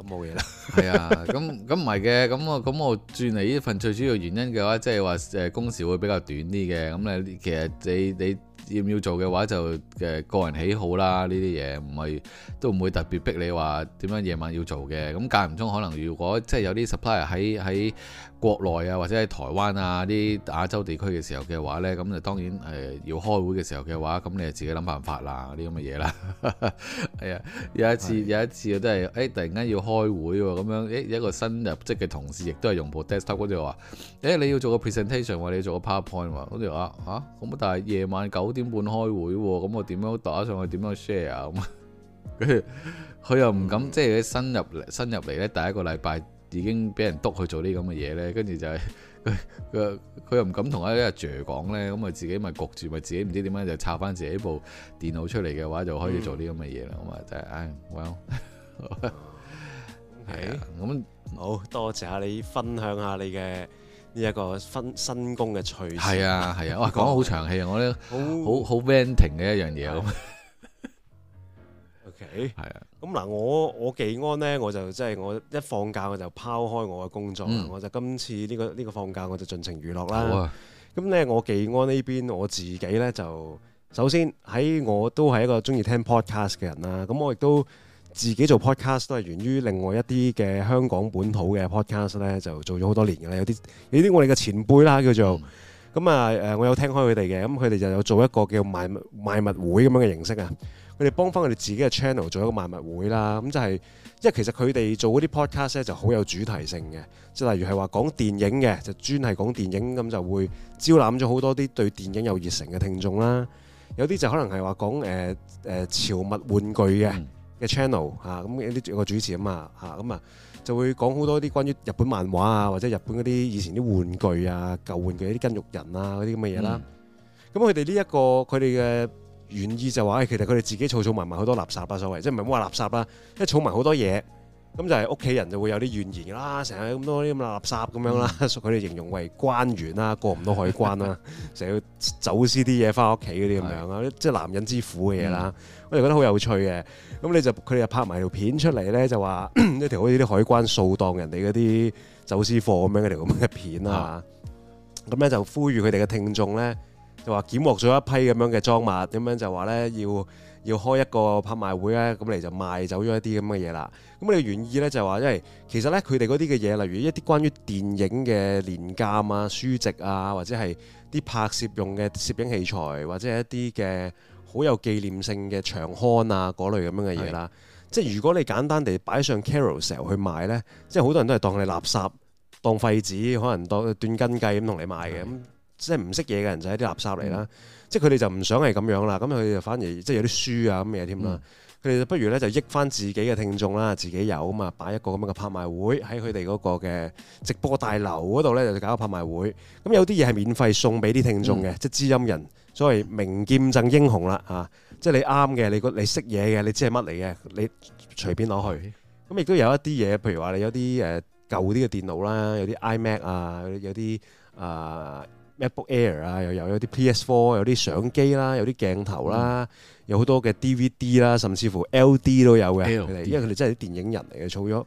咁冇嘢啦。係 [LAUGHS] 啊，咁咁唔係嘅，咁我咁我轉嚟呢份最主要原因嘅話，即係話誒工時會比較短啲嘅。咁你其實你你要唔要做嘅話，就誒個人喜好啦。呢啲嘢唔係都唔會特別逼你話點樣夜晚要做嘅。咁間唔中可能如果即係有啲 supplier 喺喺國內啊，或者喺台灣啊啲亞洲地區嘅時候嘅話呢，咁就當然誒、呃、要開會嘅時候嘅話，咁你就自己諗辦法啦啲咁嘅嘢啦。係啊、哎，有一次的有一次我都係誒、欸，突然間要開會喎、啊，咁樣一一個新入職嘅同事亦都係用部 desktop 嗰陣話誒，你要做個 presentation，話你要做個 powerpoint 嘛、啊，嗰陣話嚇咁但係夜晚九點半開會喎、啊，咁、嗯、我點樣打上去？點樣 share 啊？咁佢、嗯嗯、 [LAUGHS] 又唔敢，即係新入新入嚟呢，第一個禮拜。已經俾人督去做啲咁嘅嘢咧，就是、跟住就係佢佢又唔敢同阿阿 Jorge 講咧，咁啊自己咪焗住，咪自己唔知點樣就拆翻自己部電腦出嚟嘅話，就可以做啲咁嘅嘢啦，咁啊、嗯、就係、是、唉、哎、Well 係 Okay, [LAUGHS] 啊，咁好多謝下你分享下你嘅呢一個新新工嘅趣事。係啊係啊，哇講得好長氣啊，我呢好好 vent 好 venting 嘅一樣嘢咁。 [LAUGHS] 係 Okay. 啊，咁嗱，我我技安呢，我就即係我一放假，我就拋開我嘅工作，嗯、我就今次呢、這個呢、這個放假，我就盡情娛樂啦。咁呢、啊，我技安呢邊我自己呢，就首先喺我都係一個中意聽 podcast 嘅人啦。咁我亦都自己做 podcast，都係源於另外一啲嘅香港本土嘅 podcast 呢，就做咗好多年嘅啦。有啲有啲我哋嘅前輩啦，叫做咁、嗯、啊，誒，我有聽開佢哋嘅，咁佢哋就有做一個叫賣賣物會咁樣嘅形式啊。佢哋幫翻佢哋自己嘅 channel 做一個賣物會啦，咁就係，因為其實佢哋做嗰啲 podcast 咧就好有主題性嘅，即係例如係話講電影嘅，就專係講電影，咁就會招攬咗好多啲對電影有熱誠嘅聽眾啦。有啲就可能係話講誒、誒潮物玩具嘅嘅 channel 嚇，咁有啲有個主持啊嘛嚇，咁啊就會講好多啲關於日本漫畫啊，或者日本嗰啲以前啲玩具啊，舊玩具啲筋肉人啊嗰啲咁嘅嘢啦。咁佢哋呢一個佢哋嘅。願意就話，其實佢哋自己儲儲埋埋好多垃圾啊，所謂，即係唔係咁話垃圾啦，即係儲埋好多嘢，咁就係屋企人就會有啲怨言啦，成日咁多啲咁垃圾咁樣啦，佢哋、嗯、形容為關員啦，過唔到海關啦，成日 [LAUGHS] 要走私啲嘢翻屋企嗰啲咁樣啊，的即係男人之苦嘅嘢啦，嗯、我哋覺得好有趣嘅，咁你就佢哋就拍埋條片出嚟咧，就話 [COUGHS] 一條好似啲海關掃蕩人哋嗰啲走私貨咁樣一條咁嘅片啊，咁咧的、嗯、就呼籲佢哋嘅聽眾咧。就話檢獲咗一批咁樣嘅裝物，咁樣就話呢，要要開一個拍賣會咧，咁你就賣走咗一啲咁嘅嘢啦。咁你願意呢？就話、係，因為其實呢，佢哋嗰啲嘅嘢，例如一啲關於電影嘅年鑑啊、書籍啊，或者係啲拍攝用嘅攝影器材，或者係一啲嘅好有紀念性嘅長刊啊嗰類咁樣嘅嘢啦。是的 即係如果你簡單地擺上 Carousell 去賣呢，即係好多人都係當你垃圾、當廢紙，可能當斷根計咁同你賣嘅。即係唔識嘢嘅人就係啲垃圾嚟啦，嗯、即係佢哋就唔想係咁樣啦，咁佢哋就反而即係有啲書啊咁嘢添啦，佢哋、嗯、就不如咧就益翻益返自己嘅聽眾啦，自己有啊嘛，擺一個咁樣嘅拍賣會喺佢哋嗰個嘅直播大樓嗰度咧，就搞個拍賣會。咁有啲嘢係免費送俾啲聽眾嘅，嗯、即係知音人，所謂名劍贈英雄啦嚇、啊，即係你啱嘅，你你識嘢嘅，你知係乜嚟嘅，你隨便攞去。咁亦都有一啲嘢，譬如話你有啲誒舊啲嘅電腦啦，有啲 iMac 啊，有啲啊。啊啊啊啊啊 MacBook Air 啊，又又有啲 PS Four，有啲相機啦，有啲鏡頭啦，嗯、有好多嘅 DVD 啦，甚至乎 LD 都有嘅，LD 因為佢哋真係啲電影人嚟嘅，儲咗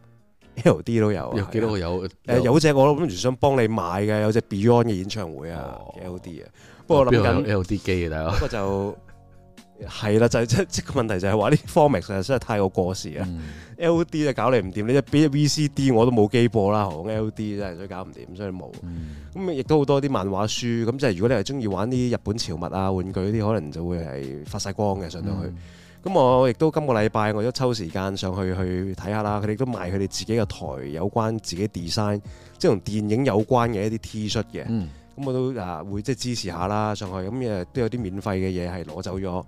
LD 都有、啊。有幾多個有？誒的，有隻我諗住想幫你買嘅，有隻 Beyond 嘅演唱會啊、哦、，LD 啊，不過我諗緊。b LD 機嘅，大佬。不過就。係啦，就係即即個問題就係話啲 format 實在真係太過過時啦 LD 就搞你唔掂，呢啲 B.V.C.D. 我都冇機播啦、嗯、，LD 真係都搞唔掂，所以冇。咁亦都好多啲漫畫書，咁即係如果你係中意玩啲日本潮物啊、玩具嗰啲，可能就會係發晒光嘅上到去。咁、嗯、我亦都今個禮拜我都抽時間上去去睇下啦。佢哋都賣佢哋自己嘅台有關自己 design，即係同電影有關嘅一啲 T 恤嘅。嗯咁我都啊會即係支持下啦，上去咁誒都有啲免費嘅嘢係攞走咗，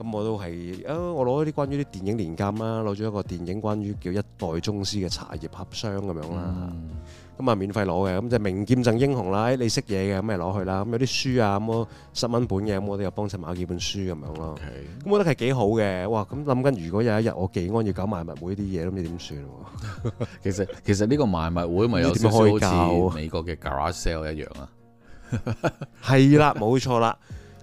咁我都係啊我攞一啲關於啲電影年鑑啦，攞咗一個電影關於叫一代宗師嘅茶葉盒箱咁樣啦，咁啊免費攞嘅，咁就名劍震英雄啦，誒你識嘢嘅咁咪攞去啦，咁有啲書啊咁我十蚊本嘅咁我都有幫襯買幾本書咁樣咯，咁我覺得係幾好嘅，哇！咁諗緊如果有一日我幾安要搞賣物會啲嘢，咁你點算？其實其實呢個賣物會咪有少少好似美國嘅 garage sale 一樣啊～係啦，冇錯啦，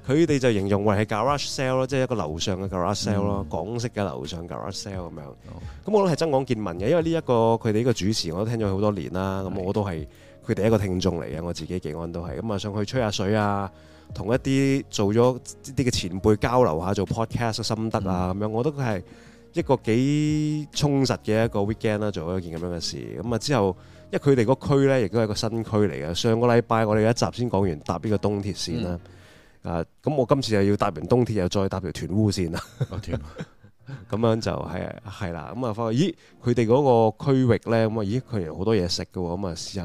佢哋就形容為係 garage sale 咯，即係一個樓上嘅 garage sale 咯、嗯，港式嘅樓上 garage sale 咁樣。咁、哦、我諗係增廣見聞嘅，因為呢、這、一個佢哋呢個主持我都聽咗好多年啦。咁的我都係佢哋一個聽眾嚟嘅，我自己幾安都係。咁啊上去吹下水啊，同一啲做咗啲嘅前輩交流下做 podcast 嘅心得啊，咁、嗯、樣我覺得佢係一個幾充實嘅一個 weekend 啦，做咗一件咁樣嘅事。咁啊之後。因為佢哋個區呢亦都係個新區嚟嘅。上個禮拜我哋一集先講完搭呢個東鐵線啦。咁、嗯啊、我今次又要搭完東鐵，又再搭條屯烏線啦。咁、啊、 [LAUGHS] 樣就係係啦。咁啊，發覺、嗯、咦，佢哋嗰個區域呢，咁啊、嗯，咦，佢哋好多嘢食㗎喎。咁啊，試下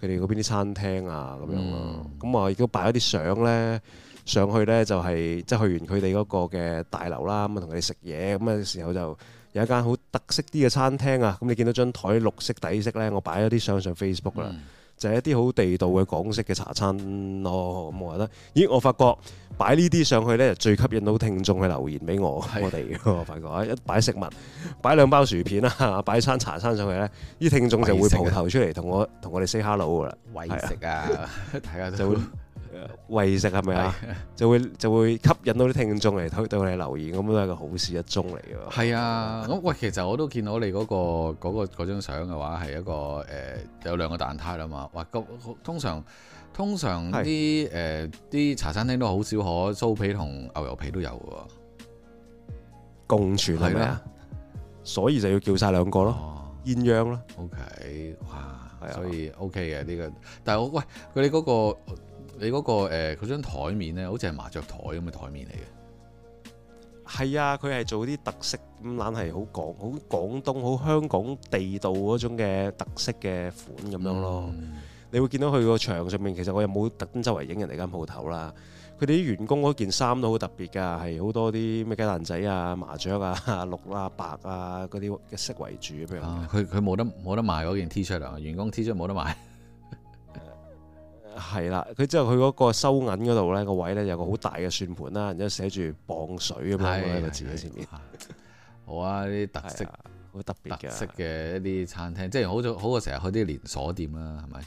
佢哋嗰邊啲餐廳啊，咁樣咯。咁、嗯、啊，亦都擺咗啲相呢上去呢、就係，就係即係去完佢哋嗰個嘅大樓啦。咁啊，同佢哋食嘢，咁嘅時候就。有一間好特色啲嘅餐廳啊，咁你見到張台綠色底色呢，我擺咗啲相上 Facebook 啦，嗯、就係一啲好地道嘅港式嘅茶餐囉。咁、哦嗯、我覺得，咦，我發覺擺呢啲上去呢，最吸引到聽眾去留言俾我的我哋。我發覺一擺食物，擺兩包薯片啦，擺餐茶餐上去呢，啲聽眾就會蒲頭出嚟同我同我哋 say hello 噶啦。喂，食啊，大家就 [LAUGHS] [LAUGHS] 喂，食係咪啊？是是 [LAUGHS] 就會就會吸引到啲聽眾嚟睇，對佢哋留言咁都係個好事一宗嚟嘅。係啊，咁喂，其實我都見到你嗰、嗰個嗰、嗰個張相嘅話，係一個誒、呃、有兩個蛋撻啦嘛。哇，通常通常啲誒啲茶餐廳都好少可酥皮同牛油皮都有嘅，共存係咩？啊嗎？吧所以就要叫晒兩個咯，啊、鴛鴦咯。O、okay, K，哇，所以 O K 嘅呢個，但係我喂佢哋嗰個。你嗰、那個誒，佢、欸、張台面咧，好似係麻雀台咁嘅台面嚟嘅。係啊，佢係做啲特色咁，攬係好廣，好廣東，好香港地道嗰種嘅特色嘅款咁樣咯。嗯、你會見到佢個牆上面，其實我又冇特登周圍影人哋間鋪頭啦。佢哋啲員工嗰件衫都好特別㗎，係好多啲咩雞蛋仔啊、麻雀啊、綠啊、白啊嗰啲嘅色為主。譬如佢佢冇得冇得賣嗰件 T 恤啊，員工 T 恤冇得賣。係啦，佢之後佢嗰個收銀嗰度呢個位呢，有個好大嘅算盤啦，然之後寫住磅水咁樣嘅字喺前面。好啊，呢啲特色好 [LAUGHS] 特別嘅，特色嘅一啲餐廳，即係好早好過成日去啲連鎖店啦，係咪？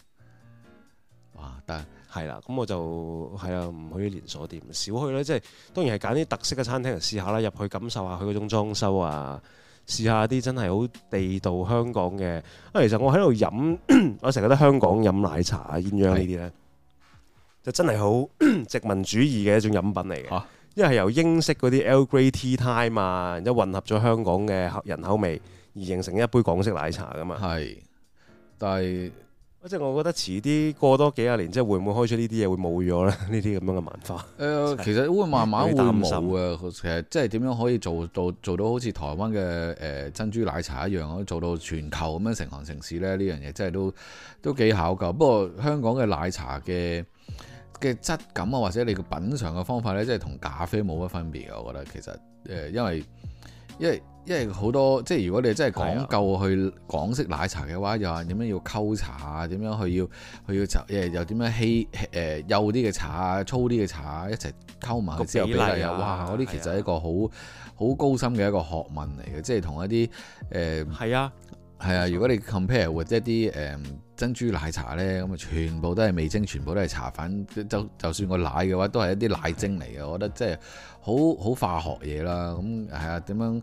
哇，得係啦，咁我就係啊，唔去啲連鎖店，少去咧，即係當然係揀啲特色嘅餐廳嚟試下啦，入去感受下佢嗰種裝修啊，試下啲真係好地道香港嘅。啊，其實我喺度飲， [COUGHS] 我成日都香港飲奶茶啊，鴛鴦呢啲呢。就真係好殖民主義嘅一種飲品嚟嘅，啊、因為由英式嗰啲 L Grey Tea Time 啊，然之後混合咗香港嘅人口味，而形成一杯港式奶茶噶嘛。係，但係即係我覺得遲啲過多幾廿年之後，即係會唔會開出會呢啲嘢會冇咗咧？呢啲咁樣嘅文化。誒、呃，就是、其實會慢慢淡冇嘅。其實即係點樣可以做到做，做到好似台灣嘅誒、呃、珍珠奶茶一樣，可以做到全球咁樣成行成市咧？呢樣嘢真係都都幾考究。不過香港嘅奶茶嘅。嘅質感啊，或者你嘅品嚐嘅方法呢，即係同咖啡冇乜分別嘅。我覺得其實誒、呃，因為因為因為好多即係如果你真係講究去港式奶茶嘅話，啊、又話點樣要溝茶啊？點樣去要去要就又、呃、點樣稀誒幼啲嘅茶啊，粗啲嘅茶啊一齊溝埋之後比例啊，哇！嗰啲、啊、其實係一個好好是、啊、高深嘅一個學問嚟嘅，即係同一啲誒係啊。係啊，如果你 compare with 一啲誒、呃、珍珠奶茶咧，咁啊全部都係味精，全部都係茶粉，就就算個奶嘅話，都係一啲奶精嚟嘅。我覺得即係好好化學嘢啦。咁係啊，點樣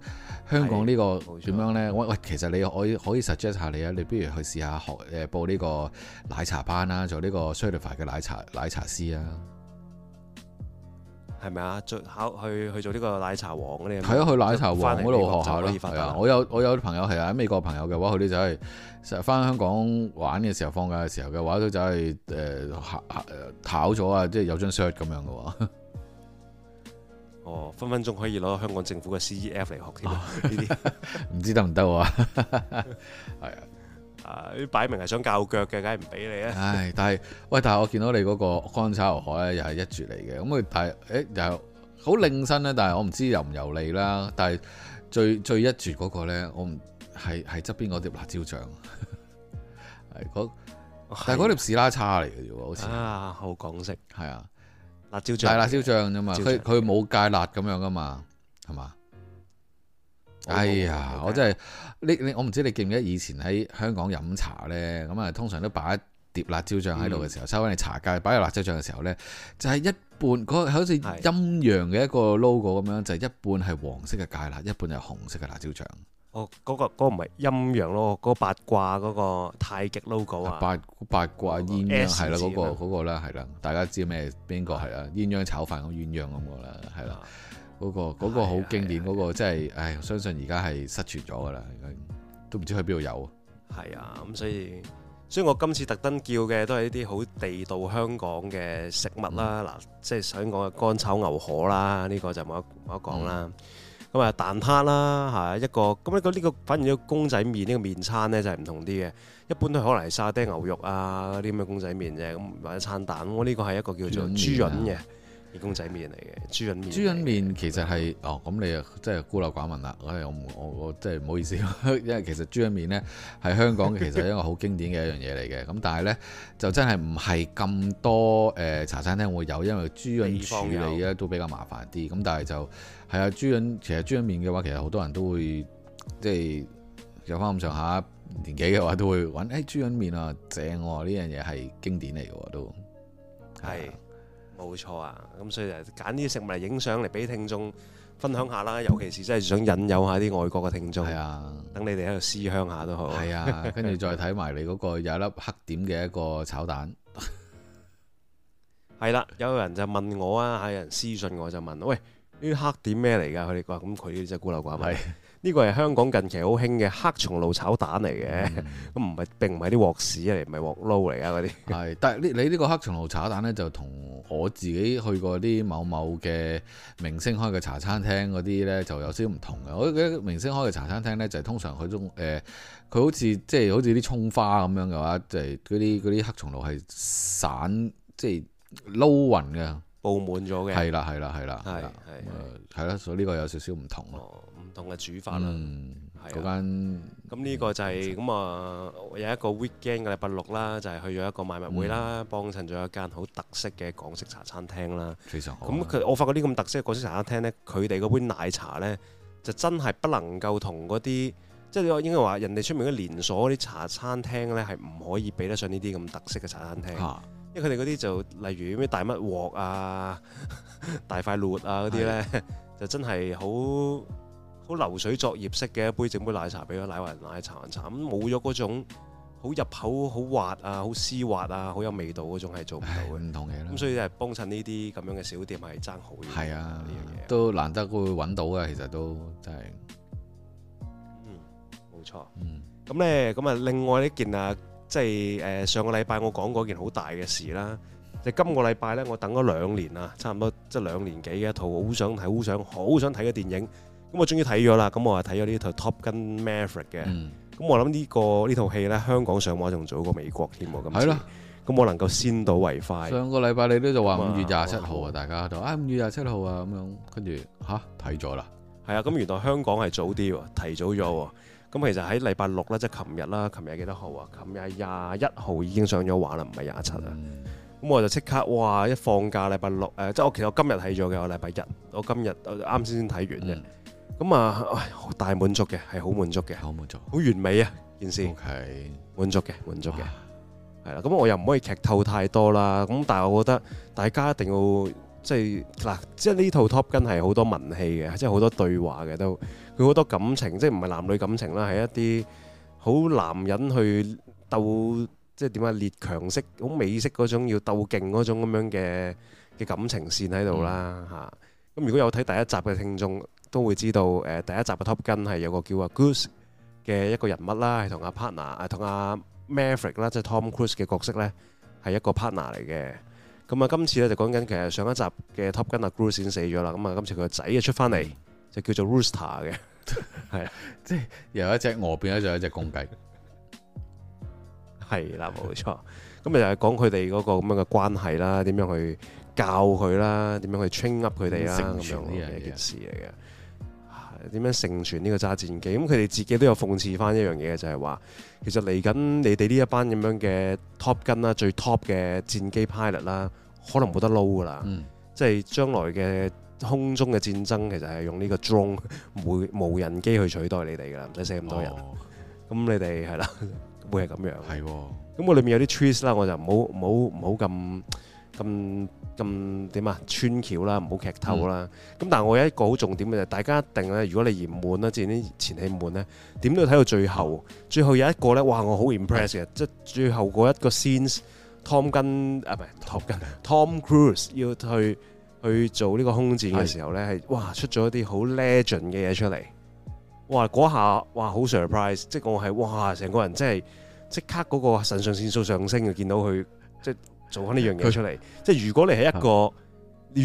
香港個樣呢個點樣咧？喂，喂冇錯，其實你可以可以 suggest 下你啊，你不如去試下學誒、呃、報呢個奶茶班啦、啊，做呢個 certified 嘅奶茶奶茶師啊。係咪啊？做考去去做呢個奶茶王嗰啲？係咯的，去奶茶王嗰度學下咯。係啊，我有我有啲朋友係喺美國朋友嘅話，佢哋就係成日翻香港玩嘅時候、放假嘅時候嘅、就是呃嗯、話，都就係誒考咗啊，即係有張 shot 咁樣嘅。哦，分分鐘可以攞香港政府嘅 CEF 嚟學啲，唔、哦、些 [LAUGHS] 知得唔得啊？係啊。啊！擺明係想教腳嘅，梗係唔俾你啦。唉，但係喂，但係我見到你嗰個乾炒牛河咧，又係一絕嚟嘅。咁佢但係誒又好靚身咧，但係我唔知油唔油膩啦。但係最最一絕嗰個咧，我唔係係側邊嗰碟辣椒醬，係 [LAUGHS] 但係嗰碟是拉差嚟嘅啫喎，好似啊好港式，係啊辣椒醬係辣椒醬啫嘛，佢佢冇芥辣咁樣噶嘛，係嘛椒？哎呀！Okay. 我真係，你你我唔知你記唔記得以前喺香港飲茶咧，咁啊通常都擺一碟辣椒醬喺度嘅時候，嗯、收翻你茶街擺入辣椒醬嘅時候咧，就係、是、一半嗰、那個、好似陰陽嘅一個 logo 咁樣，是就係一半係黃色嘅芥辣，一半係紅色嘅辣椒醬。哦，嗰、那個唔係、那個、陰陽咯，嗰、那個八卦嗰個太極 logo 啊，八八卦鴛鴦係啦，嗰、哦那個嗰、那個啦係啦，大家知咩？邊個係啊？鴛鴦炒飯，鴛鴦咁個啦，係啦。嗰個好經典嗰個，嗰個、嗰個真係，唉，相信而家係失傳咗噶啦，都唔知喺邊度有。係啊，咁所以，所以我今次特登叫嘅都係呢啲好地道香港嘅食物、嗯、啦。嗱，即係想講嘅乾炒牛河啦，呢、呢個就冇冇得講啦。咁啊，嗯、蛋撻啦，係一個咁呢個呢個，反而公仔麵呢、呢個麵餐呢，就係唔同啲嘅。一般都可能係沙爹牛肉啊啲咁嘅公仔麵啫，咁或者餐蛋。我、呢、呢個係一個叫做豬潤嘅。公仔麵嚟嘅豬潤麵，豬潤麵其實係哦，咁你又真係孤陋寡聞啦！我我我真係唔好意思，因為其實豬潤麵呢，喺香港其實一個好經典嘅一樣嘢嚟嘅。咁 [LAUGHS] 但係呢，就真係唔係咁多誒、呃、茶餐廳會有，因為豬潤處理呢都比較麻煩啲。咁但係就係啊，豬潤其實豬潤麵嘅話，其實好多人都會即係有翻咁上下年紀嘅話，都會揾誒、欸、豬潤麵啊正喎、啊！呢樣嘢係經典嚟嘅都係。冇錯啊，咁所以就揀啲食物嚟影相嚟俾聽眾分享下啦，尤其是真係想引誘下啲外國嘅聽眾，係啊，等你哋喺度思鄉下都好，係啊，跟住再睇埋你嗰個有一粒黑點嘅一個炒蛋，係啦，有人就問我啊，有人私信我就問，喂，呢啲黑點咩嚟㗎？佢哋話咁佢呢隻真係孤陋寡聞。呢個係香港近期好興嘅黑松露炒蛋嚟嘅，咁唔係並唔係啲鑊屎嚟，唔係鑊撈嚟啊！嗰啲係，但係你你呢個黑松露炒蛋呢，就同我自己去過啲某某嘅明星開嘅茶餐廳嗰啲呢，就有少少唔同嘅。我覺得明星開嘅茶餐廳呢，就係通常佢中誒，佢、呃、好似即係好似啲葱花咁樣嘅話，就係嗰啲啲黑松露係散即係撈勻嘅，佈滿咗嘅。係啦，係啦，係啦，係係啦，係啦，所以呢個有少少唔同咯。同嘅煮法啦，係嗰間咁，呢個就係咁啊，有一個 weekend 嘅禮拜六啦，就係去咗一個買物會啦，幫襯咗一間好特色嘅港式茶餐廳啦。非常好。咁佢我發覺啲咁特色嘅港式茶餐廳咧，佢哋嗰杯奶茶咧，就真係不能夠同嗰啲即係應該話人哋出面嘅啲連鎖嗰啲茶餐廳咧，係唔可以比得上呢啲咁特色嘅茶餐廳。因為佢哋嗰啲就例如咩大乜鑊啊、大快活啊嗰啲咧，就真係好。流水作業式嘅一杯整杯奶茶俾咗奶雲奶，奶茶茶咁冇咗嗰種好入口好滑啊，好絲滑啊，好有味道嗰種係做唔到嘅唔同嘢啦，咁所以就係幫襯呢啲咁樣嘅小店係爭好嘢，係啊呢樣嘢都難得會搵到嘅，其實都真係嗯冇錯嗯咁咧咁啊，另外一件啊，即係誒上個禮拜我講過件好大嘅事啦。就是，今個禮拜咧，我等咗兩年啊，差唔多即係兩年幾嘅一套好想睇、好想好想睇嘅電影。咁我終於睇咗啦，咁我係睇咗呢套 Top Gun Maverick 嘅。咁我諗呢個呢套戲咧，香港上畫仲早過美國添喎。咁，咁、嗯、我能夠先睹為快。上個禮拜你都、啊、就話五、啊、月廿七號啊，大家喺度啊，五月廿七號啊咁樣，跟住吓，睇咗啦。係啊，咁原來香港係早啲喎，提早咗喎。咁其實喺禮拜六啦，即係琴日啦，琴日幾多號啊？琴日廿一號已經上咗畫啦，唔係廿七啊。咁、嗯、我就即刻哇！一放假禮拜六誒、呃，即係我其實我今日睇咗嘅，我禮拜一,一，我今日啱先先睇完嘅。嗯咁啊，大滿足嘅，係好滿足嘅，好滿足，好完美啊！件事 Okay. 滿足嘅，滿足嘅，係啦哇。咁我又唔可以劇透太多啦。咁但係我覺得大家一定要即係嗱，即係呢套 Top Gun，係好多文戲嘅，即係好多對話嘅，都佢好多感情，即係唔係男女感情啦，係一啲好男人去鬥即係點啊？列強式好美式嗰種要鬥勁嗰種咁樣嘅嘅感情線喺度啦嚇。咁、嗯、如果有睇第一集嘅聽眾，都會知道誒、呃、第一集嘅 Top Gun 係有個叫阿 Goose 嘅一個人物啦，係同阿、啊、Partner，係、啊、同阿、啊、Maverick 啦、啊，即係 Tom Cruise 嘅角色咧係一個 Partner 嚟嘅。咁、嗯、啊，今次咧就講、是、緊其實上一集嘅 Top Gun 阿、啊、Goose 已經死咗啦，咁啊今次佢個仔啊出翻嚟就叫做 Rooster 嘅，係 [LAUGHS] 啊的，即係 [LAUGHS] 由一隻鵝變咗做一隻公雞。係、 [LAUGHS] 嗯、啦，冇錯。咁啊又係講佢哋嗰個咁樣嘅關係啦，點樣去教佢啦，點樣去 train up 佢哋啊咁樣嘅一件事嚟嘅。點樣成全呢個揸戰機？咁佢哋自己都有諷刺翻一樣嘢，就係、是、話其實嚟緊你哋呢一班咁樣嘅 top gun 啦，最 top 嘅戰機 pilot 啦，可能冇得撈噶啦，嗯、即係將來嘅空中嘅戰爭其實係用呢個 drone 無無人機去取代你哋噶啦，唔使死咁多人。咁、哦、你哋係啦，會係咁樣。係喎、哦，咁我裏面有啲 t r i c k 啦，我就唔好唔好唔好咁咁。咁點啊？穿橋啦，唔好劇透啦。咁但係我有一個好重點嘅就係，大家一定咧，如果你嫌悶啦，之前啲前戲悶咧，點都要睇到最後。最後有一個咧，哇！我好 impressed 嘅，即係最後嗰一個 scene，Tom 跟啊唔係 Tom 跟 Tom Cruise 要去去做呢個空戰嘅時候咧，係哇出咗一啲好 legend 嘅嘢出嚟。哇！嗰下哇好 surprise，即係我係哇成個人即係即刻嗰個腎上腺素上升，就見到佢即係。做翻呢樣嘢出嚟，他即係如果你係一個，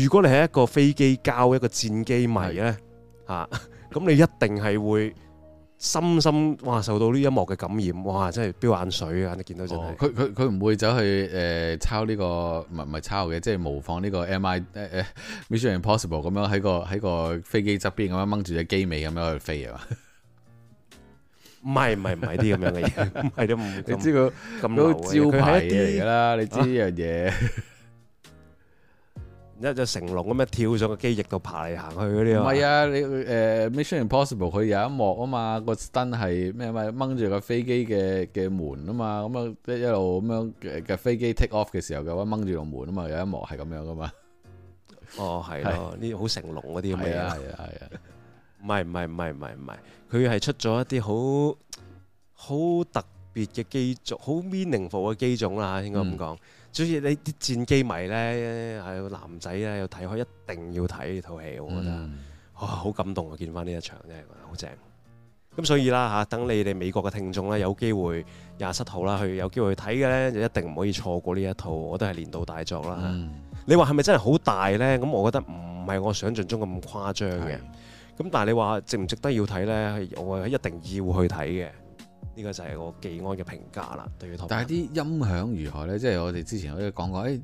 如果你係一，、啊、一個飛機膠一個戰機迷咧，是的 啊，咁你一定係會深深哇受到呢一幕嘅感染，哇，真係飆眼水啊！你見到真係。佢佢佢唔會走去誒、呃、抄呢、這個，唔係唔係抄嘅，即、就、係、是、模仿呢個 M I 誒、呃、誒、呃、Mission Impossible 咁樣喺個喺個飛機側邊咁樣掹住隻機尾咁樣去飛啊嘛！唔係唔係唔係啲咁樣嘅嘢，係都唔你知佢，嗰個招牌嚟噶啦，你知呢樣嘢，然之後就成龍咁樣跳上個機翼度爬嚟行去嗰啲啊。唔係啊，你誒、呃《Mission Impossible》佢有一幕啊嘛，個燈係咩咪掹住個飛機嘅嘅門啊嘛，咁樣一路咁樣嘅飛機 take off 嘅時候嘅話，掹住個門啊嘛，有一幕係咁樣噶嘛、啊。哦，係呢啲好成龍嗰啲咁嘅嘢。係啊，係啊。唔係唔係唔係唔係，佢係出咗一啲好好特別嘅機種，好 meaningful 嘅機種啦嚇，應該咁講。所以你啲戰機迷咧，係男仔咧，要睇開一定要睇呢套戲，我覺得、嗯、哇，好感動啊！見翻呢一場真係好正。咁所以啦嚇，等你哋美國嘅聽眾咧，有機會廿七號啦，去有機會去睇嘅咧，就一定唔可以錯過呢一套，我都係年度大作啦。嗯、你話係咪真係好大咧？咁我覺得唔係我想象中咁誇張嘅。咁但係你話值唔值得要睇咧？我一定要去睇嘅。呢、這個就係我寄安嘅評價啦，對於 Top。但係啲音響如何咧？即係我哋之前我都講過，誒誒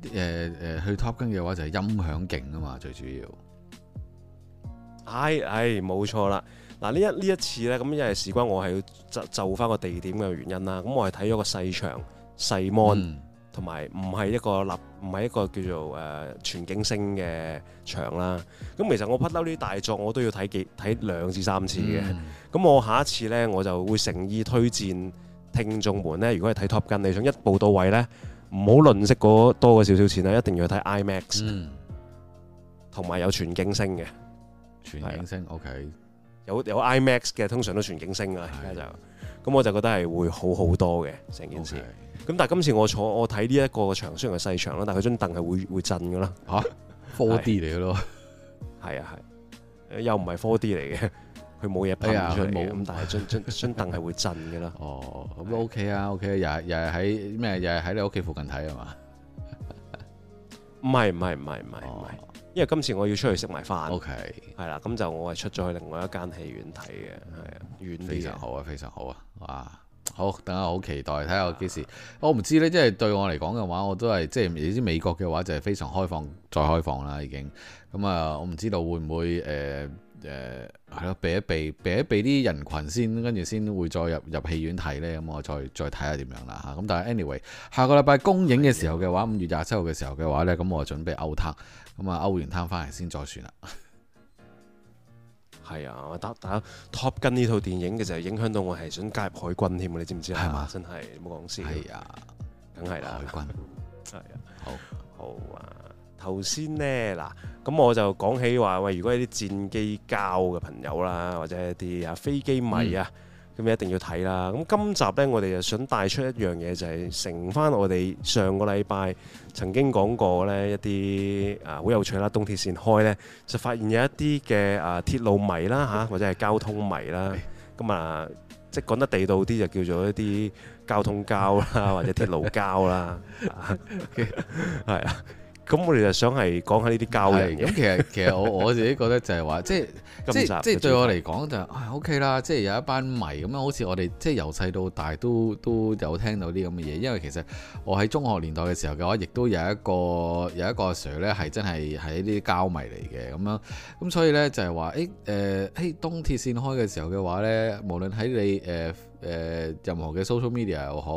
誒，去 Top Gun 嘅話就係、是、音響勁啊嘛，最主要。係係冇錯啦。嗱呢一呢一次咧，咁因為事關我係要就就翻個地點嘅原因啦，咁我係睇咗個細場細 mon。同埋唔係一個立，唔係一個叫做誒、呃、全景聲嘅場啦。咁其實我不嬲呢啲大作，我都要睇幾睇兩至三次嘅。咁、嗯、我下一次呢，我就會誠意推薦聽眾們呢，如果係睇 Top Gun，你想一步到位呢，唔好吝惜嗰多嘅少少錢啦，一定要睇 IMAX，同埋有全景聲嘅。全景聲的 OK，有有 IMAX 嘅通常都全景聲啊，而家的就咁我就覺得係會好好多嘅成件事。Okay 咁但係今次我坐我睇呢一個嘅場，雖然係細場啦，但係佢張凳係會會震噶啦。吓，4D 嚟嘅咯，係啊係，又唔係 4D 嚟嘅，佢冇嘢噴出嚟，咁、哎、但係張張凳係會震噶啦。哦，咁、啊、OK 啊 OK，又係又係喺咩？又係喺你屋企附近睇啊嘛？唔係唔係唔係唔係唔係，哦、因為今次我要出去食埋飯。OK，係啦，咁、啊、就我係出咗去另外一間戲院睇嘅，係啊，遠啲啊，好啊，非常好啊，哇！好，等下好期待，睇下我幾時，我唔知呢，即係對我嚟講嘅話，我都係即係，你知美國嘅話就係非常開放再開放啦，已經。咁、嗯、啊，我、嗯、唔、嗯嗯、知道會唔會誒誒係咯避一避，避一避啲人群先，跟住先會再入入戲院睇呢。咁、嗯、我再再睇下點樣啦吓。咁但係 anyway，下個禮拜公映嘅時候嘅話，五月廿七號嘅時候嘅話呢，咁我準備 out 攤，咁啊 out 完攤翻嚟先再算啦。係啊，打打 Top Gun 呢套電影嘅時候影響到我係想加入海軍添，你知唔知吧真是啊？係嘛？真係冇講先。係啊，梗係啦，海軍。係啊，好好啊。頭先呢，嗱，咁我就講起話喂，如果啲戰機膠嘅朋友啦，或者一啲啊飛機迷啊。嗯咁一定要睇啦！咁今集呢，我哋就想帶出一樣嘢，就係承翻我哋上個禮拜曾經講過呢一啲啊好有趣啦，東鐵線開呢，就發現有一啲嘅啊鐵路迷啦嚇、啊，或者係交通迷啦，咁啊即係講得地道啲就叫做一啲交通膠啦，或者鐵路膠啦，係 [LAUGHS] 啊。Okay, [LAUGHS] 咁我哋就想係講下呢啲膠人。咁其實其實我我自己覺得就係話， [LAUGHS] 即係即集即對我嚟講就係唉 O K 啦。即係有一班迷咁樣，好似我哋即係由細到大都都有聽到啲咁嘅嘢。因為其實我喺中學年代嘅時候嘅話，亦都有一個有一個 Sir 咧係真係喺呢啲膠迷嚟嘅咁樣。咁所以咧就係、哎呃、話，誒誒，誒東鐵線開嘅時候嘅話咧，無論喺你誒誒任何嘅 social media 又好，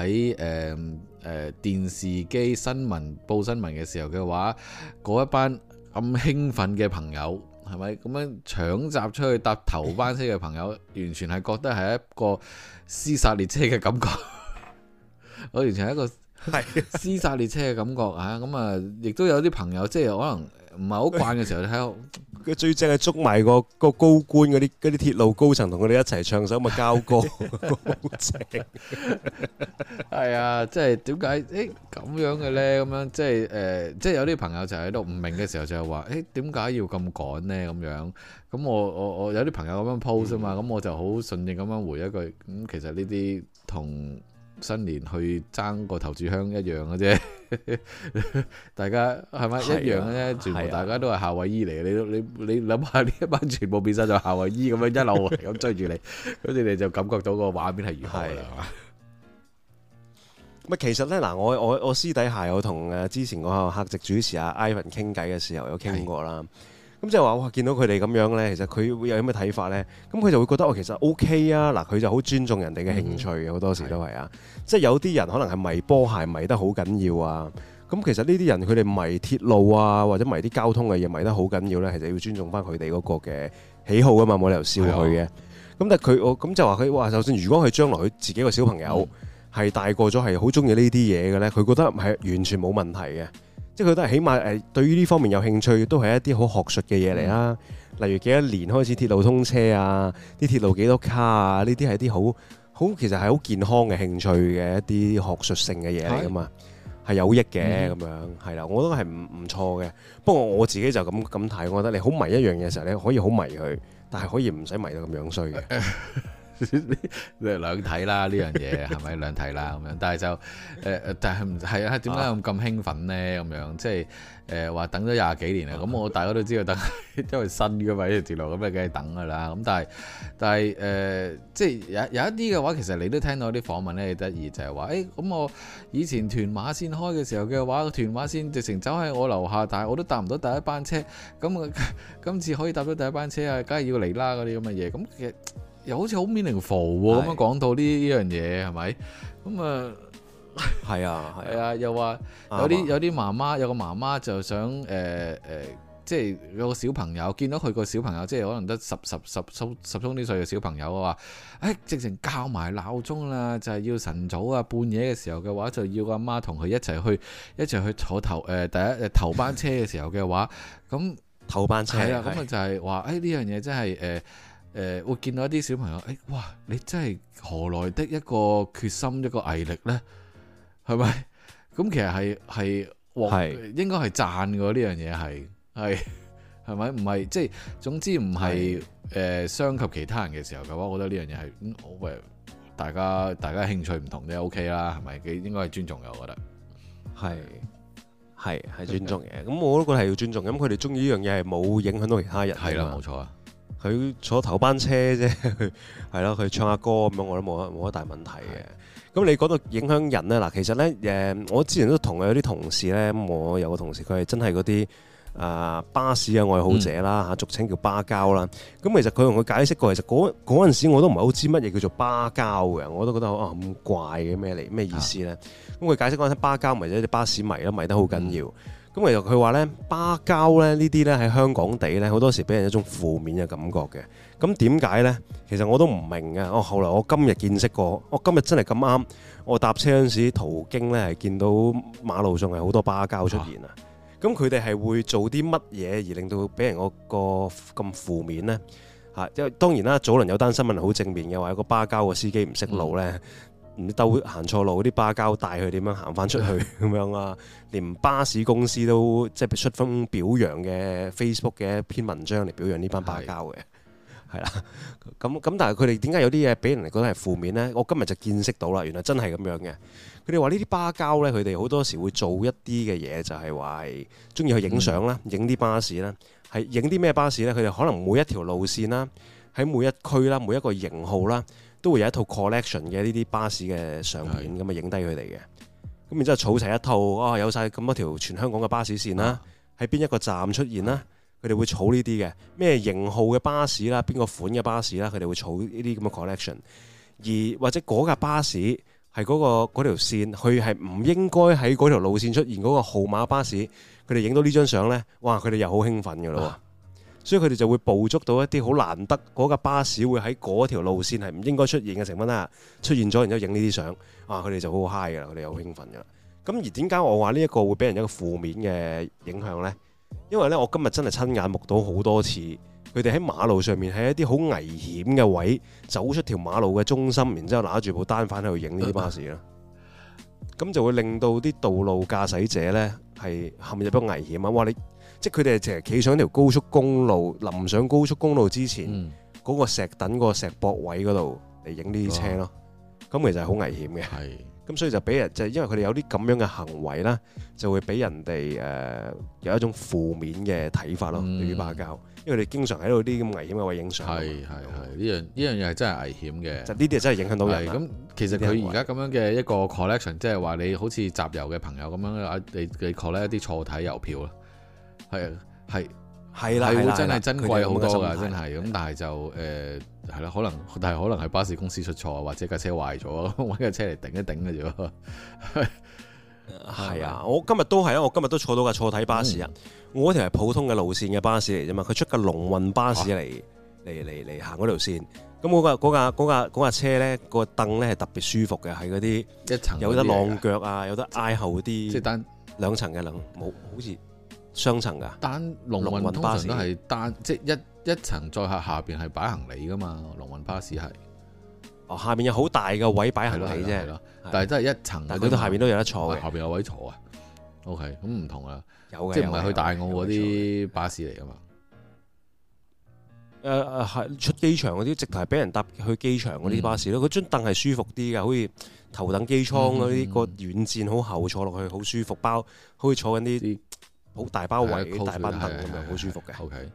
喺誒。呃誒、呃、電視機新聞報新聞嘅時候嘅話，嗰一班咁興奮嘅朋友係咪咁樣搶閘出去搭頭班車嘅朋友，完全係覺得係一個屍殺列車嘅感覺，我 [LAUGHS] 完全係一個屍 [LAUGHS] 殺列車嘅感覺嚇，咁啊，亦、啊、都有啲朋友即係可能。唔係好慣嘅時候，你睇喺最正係捉埋個個高官嗰啲啲鐵路高層同佢哋一齊唱首咪交歌，好正，係啊，即係點解誒咁樣嘅咧？咁樣即係誒，即係、呃、有啲朋友就喺度唔明嘅時候就係話誒，點解要咁趕咧？咁樣咁我我我有啲朋友咁樣 post 啊嘛，咁我就好順應咁樣回一句咁、嗯，其實呢啲同。新年去爭個頭炷香一樣嘅啫，大家係咪一樣嘅啫？全部大家都係夏威夷嚟，你你你諗下呢一班全部變晒做夏威夷咁樣一攞嚟咁追住你，跟住你就感覺到個畫面係如何啦？咪其實咧，嗱，我我我私底下有同誒之前嗰個客席主持阿 Ivan 傾偈嘅時候有傾過啦。咁即係話哇，見到佢哋咁樣呢，其實佢會有啲咩睇法呢？咁佢就會覺得我其實 OK 啊，嗱，佢就好尊重人哋嘅興趣嘅，嗯，好多時都係啊。是的 即係有啲人可能係迷波鞋迷得好緊要啊。咁其實呢啲人佢哋迷鐵路啊，或者迷啲交通嘅嘢迷得好緊要呢，其實要尊重翻佢哋嗰個嘅喜好噶嘛，冇理由笑佢嘅。咁是的 但係佢我咁就話佢哇，首先如果佢將來佢自己個小朋友係大個咗，係好中意呢啲嘢嘅呢，佢覺得係完全冇問題嘅。即係佢都係起碼誒，對於呢方面有興趣，都係一啲好學術嘅嘢嚟啦。嗯、例如幾多年開始鐵路通車啊，啲鐵路幾多卡啊，呢啲係一啲好好，其實係好健康嘅興趣嘅一啲學術性嘅嘢嚟噶嘛，係嗎有益嘅咁、嗯、樣，係啦，我都係唔唔錯嘅。不過我自己就咁咁睇，我覺得你好迷一樣嘢嘅時候，你可以好迷佢，但係可以唔使迷到咁樣衰嘅。 [LAUGHS] 兩體啦，呢樣嘢係咪兩體啦咁樣？但係就誒誒，但係唔係啊？點解咁咁興奮咧？咁樣即係誒話等咗廿幾年啦。咁我大家都知道等，因為新噶嘛，條路咁，你梗係等噶啦。咁但係但係誒，即係有有一啲嘅話，其實你都聽到啲訪問咧，得意就係話誒，咁我以前屯馬綫開嘅時候嘅話，個屯馬綫直情走喺我樓下，但係我都搭唔到第一班車。咁我今次可以搭到第一班車啊，梗係要嚟啦，嗰啲咁嘅嘢。咁嘅。又好似好 meaningful 喎，咁樣講到呢呢樣嘢係咪？咁啊，係啊，係啊，又話有啲有啲媽媽，有個媽媽就想誒誒，即係有個小朋友見到佢個小朋友，即係可能得十十十十十鐘啲歲嘅小朋友啊，話誒，直情較埋鬧鐘啦，就係要晨早啊，半夜嘅時候嘅話，就要阿媽同佢一齊去一齊去坐頭誒第一誒頭班車嘅時候嘅話，咁頭班車係啊，咁啊就係話誒呢樣嘢真係誒。誒會見到一啲小朋友，誒哇！你真係何來的一個決心一個毅力咧？係咪？咁其實係係應該係讚嘅喎，呢樣嘢係係係咪？唔係即係總之唔係誒傷及其他人嘅時候嘅話，我覺得呢樣嘢係嗯，大家大家興趣唔同啫，OK 啦，係咪？佢應該係尊重嘅，我覺得係係係尊重嘅。咁我都覺得係要尊重。咁佢哋中意呢樣嘢係冇影響到其他人係啦，冇錯啊。佢坐頭班車啫，係 [LAUGHS] 咯，佢唱下歌咁樣，我都冇冇乜大問題嘅。咁的你講到影響人咧，嗱，其實咧，誒，我之前都同有啲同事咧，我有個同事佢係真係嗰啲啊巴士嘅愛好者啦，嚇、嗯，俗稱叫巴膠啦。咁其實佢同佢解釋過，其實嗰嗰陣時我都唔係好知乜嘢叫做巴膠嘅，我都覺得啊咁怪嘅咩嚟，咩意思咧？咁佢的解釋講咧，巴膠咪係一隻巴士迷咯，迷得好緊要。嗯咁其實佢話咧，巴膠咧呢啲咧喺香港地咧，好多時俾人一種負面嘅感覺嘅。咁點解咧？其實我都唔明嘅。哦，後來我今日見識過，我今日真係咁啱，我搭車嗰陣時途經咧係見到馬路上係好多巴膠出現啊。咁佢哋係會做啲乜嘢而令到俾人個個咁負面咧？嚇，因為當然啦，早輪有單新聞係好正面，嘅話有個巴膠嘅司機唔識路咧。唔知兜行錯路嗰啲巴膠帶佢點樣行返出去咁樣啦，連巴士公司都即係出封表揚嘅 Facebook 嘅一篇文章嚟表揚呢班巴膠嘅，係啦。咁咁但係佢哋點解有啲嘢俾人哋覺得係負面呢？我今日就見識到啦，原來真係咁樣嘅。佢哋話呢啲巴膠呢，佢哋好多時會做一啲嘅嘢，就係話係鍾意去影相啦，影啲巴士啦，係影啲咩巴士呢？佢哋可能每一條路線啦，喺每一區啦，每一個型號啦。都會有一套 collection 嘅呢啲巴士嘅相片咁啊，影低佢哋嘅。咁然之後，儲齊一套啊，有晒咁多條全香港嘅巴士線啦，喺邊、啊、一個站出現啦，佢哋、啊、會儲呢啲嘅咩型號嘅巴士啦，邊個款嘅巴士啦，佢哋會儲呢啲咁嘅 collection。而或者嗰架巴士係嗰、嗰個嗰條線，佢係唔應該喺嗰條路線出現嗰個號碼巴士，佢哋影到呢張相呢，哇！佢哋又好興奮㗎咯～、啊啊所以佢哋就會捕捉到一啲好難得嗰架巴士會喺嗰條路線係唔應該出現嘅情況底下出現咗，然之後影呢啲相，哇！佢哋就好嗨㗎喇，佢哋好興奮㗎喇。咁而點解我話呢一個會俾人一個負面嘅影響呢？因為呢，我今日真係親眼目睹好多次，佢哋喺馬路上面喺一啲好危險嘅位走出條馬路嘅中心，然之後拿住部單反喺度影呢啲巴士啦。咁就會令到啲道路駕駛者呢係陷入一個危險啊！哇，你～即係佢哋係成日企上一條高速公路，臨上高速公路之前，嗰個石等、嗰個石駁位嗰度嚟影呢啲車咯。咁其實係好危險嘅，咁所以就俾人就係因為佢哋有啲咁樣嘅行為啦，就會俾人哋誒有一種負面嘅睇法咯，對於巴膠。因為佢哋經常喺度啲咁危險嘅位影相。係係係呢樣呢樣嘢係真係危險嘅。呢啲真係影響到你。咁其實佢而家咁樣嘅一個 collection，即係話你好似集郵嘅朋友咁樣，你你 collect 一啲錯體郵票咯。係啊，係，係啦，係啦，係，佢真係珍貴好多噶，真係。咁但係就誒，係啦，可能，但係可能係巴士公司出錯啊，或者架車壞咗，搵架車嚟頂一頂嘅啫。係啊，我今日都係啊，我今日都坐到架錯體巴士啊。我嗰條係普通嘅路線嘅巴士嚟啫嘛，佢出架龍運巴士嚟嚟嚟嚟行嗰條線。咁嗰架嗰架嗰架嗰架車咧，個凳咧係特別舒服嘅，係嗰啲一層有得浪腳啊，有得挨後啲，即係單兩層嘅兩冇好似。雙層噶，但龍運巴士都係單，即一一層再下下邊係擺行李噶嘛。龍運巴士係，哦，下邊有好大嘅位擺行李啫，係囉。但係都係一層，但係佢都下邊都有得坐，下邊有位坐啊。O K，咁唔同啊，即係唔係去大澳嗰啲巴士嚟㗎嘛？誒誒，係出機場嗰啲，直頭係俾人搭去機場嗰啲巴士咯。佢張凳係舒服啲㗎，好似頭等機艙嗰啲，個軟墊好厚，坐落去好舒服，包好似坐緊啲。好大包圍，好的大班椅咁樣，好舒服嘅。OK，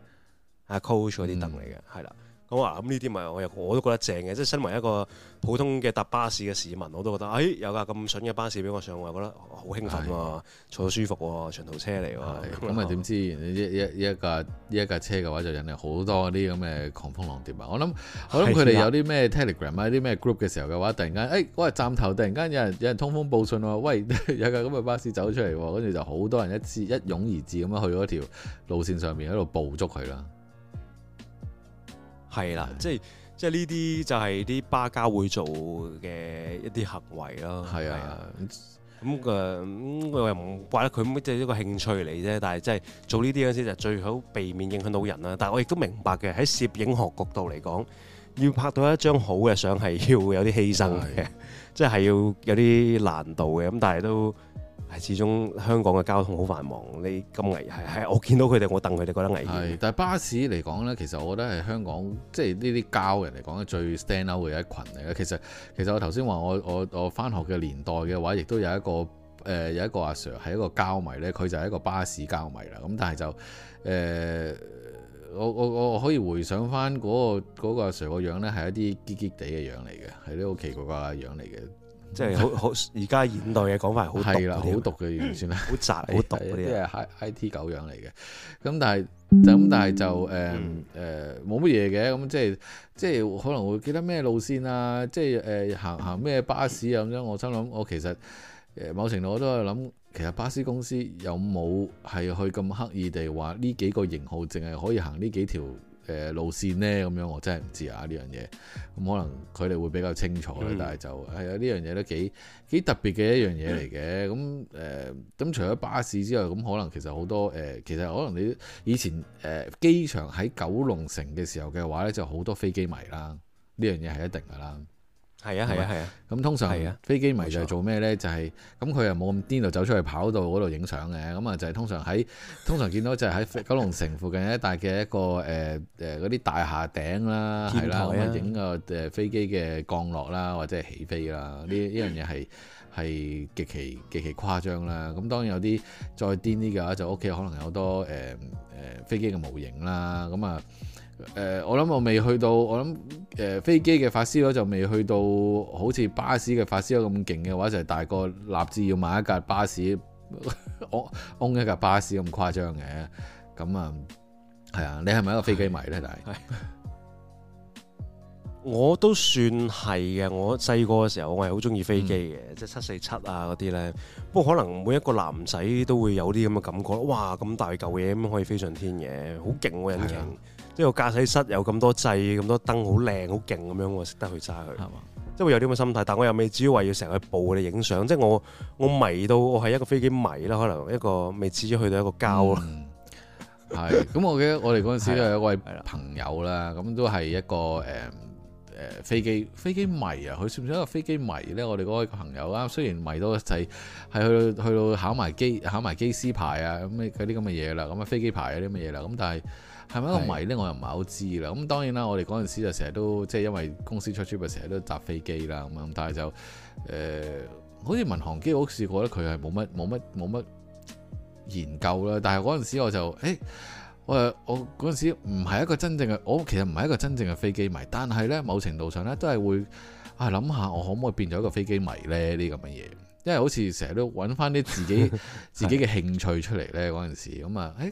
阿 Coach 嗰啲凳嚟嘅，係啦，嗯。嗯、我話咁呢啲咪我我都覺得正嘅，即係身為一個普通嘅搭巴士嘅市民，我都覺得誒、哎、有架咁筍嘅巴士俾我上，我覺得好興奮啊，的坐舒服喎、啊，長途車嚟喎。咁咪點知一一一,一架一架，一架車嘅話，就引嚟好多啲咁嘅狂蜂浪蝶啊！我諗我諗佢哋有啲咩 Telegram 啊，啲咩 group 嘅時候嘅話，突然間誒、哎、喂站頭，突然間有人有人通風報信喎、啊，喂有架咁嘅巴士走出嚟，跟住就好多人一至一湧而至咁樣去嗰條路線上面，喺度捕捉佢啦。係啦，即係即係呢啲就係啲巴膠會做嘅一啲行為咯。係啊的，咁誒咁我又唔怪得佢，即係一個興趣嚟啫。但係即係做呢啲嗰陣時就最好避免影響到人啦啊。但係我亦都明白嘅，喺攝影學角度嚟講，要拍到一張好嘅相係要有啲犧牲嘅，即係是的 [LAUGHS] 要有啲難度嘅。咁但係都。係始終香港嘅交通好繁忙，呢咁危係係我見到佢哋，我戥佢哋覺得危險。係，但係巴士嚟講咧，其實我覺得係香港即係呢啲膠人嚟講係最 standout 嘅一群嚟嘅。其實其實我頭先話我我我返學嘅年代嘅話，亦都有一個誒、呃、有一個阿 Sir 係一個膠迷咧，佢就係一個巴士膠迷啦。咁但係就誒、呃、我我我可以回想返嗰、嗰個嗰個阿 Sir 個樣咧，係一啲結結地嘅樣嚟嘅，係呢好奇怪嘅樣嚟嘅。即係好好而家現代嘅講法係好毒，好毒嘅嘢先啦，好雜，好毒嗰啲啊，I T 狗樣嚟嘅。咁但係就咁，但係、嗯、就誒誒冇乜嘢嘅。咁、呃呃嗯、即係即係可能會記得咩路線啊，即係誒、呃、行行咩巴士啊咁樣。我心諗我其實誒某程度我都係諗，其實巴士公司有冇係去咁刻意地話呢幾個型號淨係可以行呢幾條？嘅路線呢，咁樣我真係唔知啊呢樣嘢，咁可能佢哋會比較清楚啦。但係就係啊，呢樣嘢都幾幾特別嘅一樣嘢嚟嘅。咁誒咁除咗巴士之外，咁可能其實好多誒、呃，其實可能你以前誒機、呃、場喺九龍城嘅時候嘅話呢就好多飛機迷啦。呢樣嘢係一定噶啦。係啊係啊係啊！咁、啊啊啊、通常飛機迷就係做咩呢？錯就係咁佢又冇咁癲，就、嗯、走出去跑道嗰度影相嘅。咁、嗯、啊，就係通常喺通常見到就係喺九龍城附近一帶嘅一個誒誒嗰啲大廈頂啦，係啦、啊，咁影、啊、個誒、呃、飛機嘅降落啦，或者係起飛啦。呢呢樣嘢係係極其極其誇張啦。咁、嗯、當然有啲再癲啲嘅話，就屋企可能有好多誒誒、呃呃、飛機嘅模型啦。咁、嗯、啊～、嗯嗯誒、呃，我諗我未去到，我諗誒、呃、飛機嘅發燒哥就未去到好似巴士嘅發燒哥咁勁嘅話，就係大個立志要買一架巴士，我 [LAUGHS] own 一架巴士咁誇張嘅。咁啊，係、嗯、啊，你係咪一個飛機迷咧？大佬， [LAUGHS] 我都算係嘅。我細個嘅時候，我係好中意飛機嘅，嗯、即係七四七啊嗰啲咧。不過可能每一個男仔都會有啲咁嘅感覺，哇！咁大嚿嘢咁可以飛上天嘅，好勁喎，引擎。即係個駕駛室有咁多掣、咁多燈，好靚、好勁咁樣，我識得去揸佢，係嘛吧？即係會有啲咁嘅心態，但我又未至於話要成日去捕佢哋影相。即係我我迷到我係一個飛機迷啦，可能一個未至於去到一個膠啦。係咁、嗯，我記得我哋嗰陣時咧，都係一位朋友啦，咁都係一個誒誒、嗯嗯、飛機飛機迷啊。佢算唔算一個飛機迷咧？我哋嗰位朋友啊，雖然迷到個仔係去到去到考埋機考埋機師牌啊，咁咩啲咁嘅嘢啦，咁啊飛機牌嗰啲咁嘅嘢啦，咁但係。係咪一個迷咧？我又唔係好知啦。咁當然啦，我哋嗰陣時就成日都即係因為公司出 trip 咪成日都搭飛機啦。咁但係就誒、呃，好似民航機我、欸，我試過咧，佢係冇乜冇乜冇乜研究啦。但係嗰陣時我就誒，我我嗰陣時唔係一個真正嘅，我其實唔係一個真正嘅飛機迷。但係咧，某程度上咧，都係會啊諗下，我可唔可以變咗一個飛機迷咧？呢咁嘅嘢，因為好似成日都揾翻啲自己 [LAUGHS] 自己嘅興趣出嚟咧。嗰陣時咁啊，誒、嗯。欸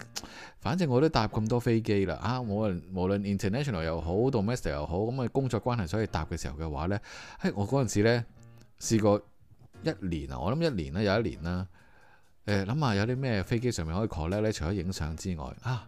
反正我都搭咁多飛機啦，啊，無論無論 international 又好，到 master 又好，咁啊工作關係所以搭嘅時候嘅話呢，喺、哎、我嗰陣時咧試過一年啊，我諗一年啦，有一年啦，誒諗下有啲咩飛機上面可以 collect 咧，除咗影相之外，啊。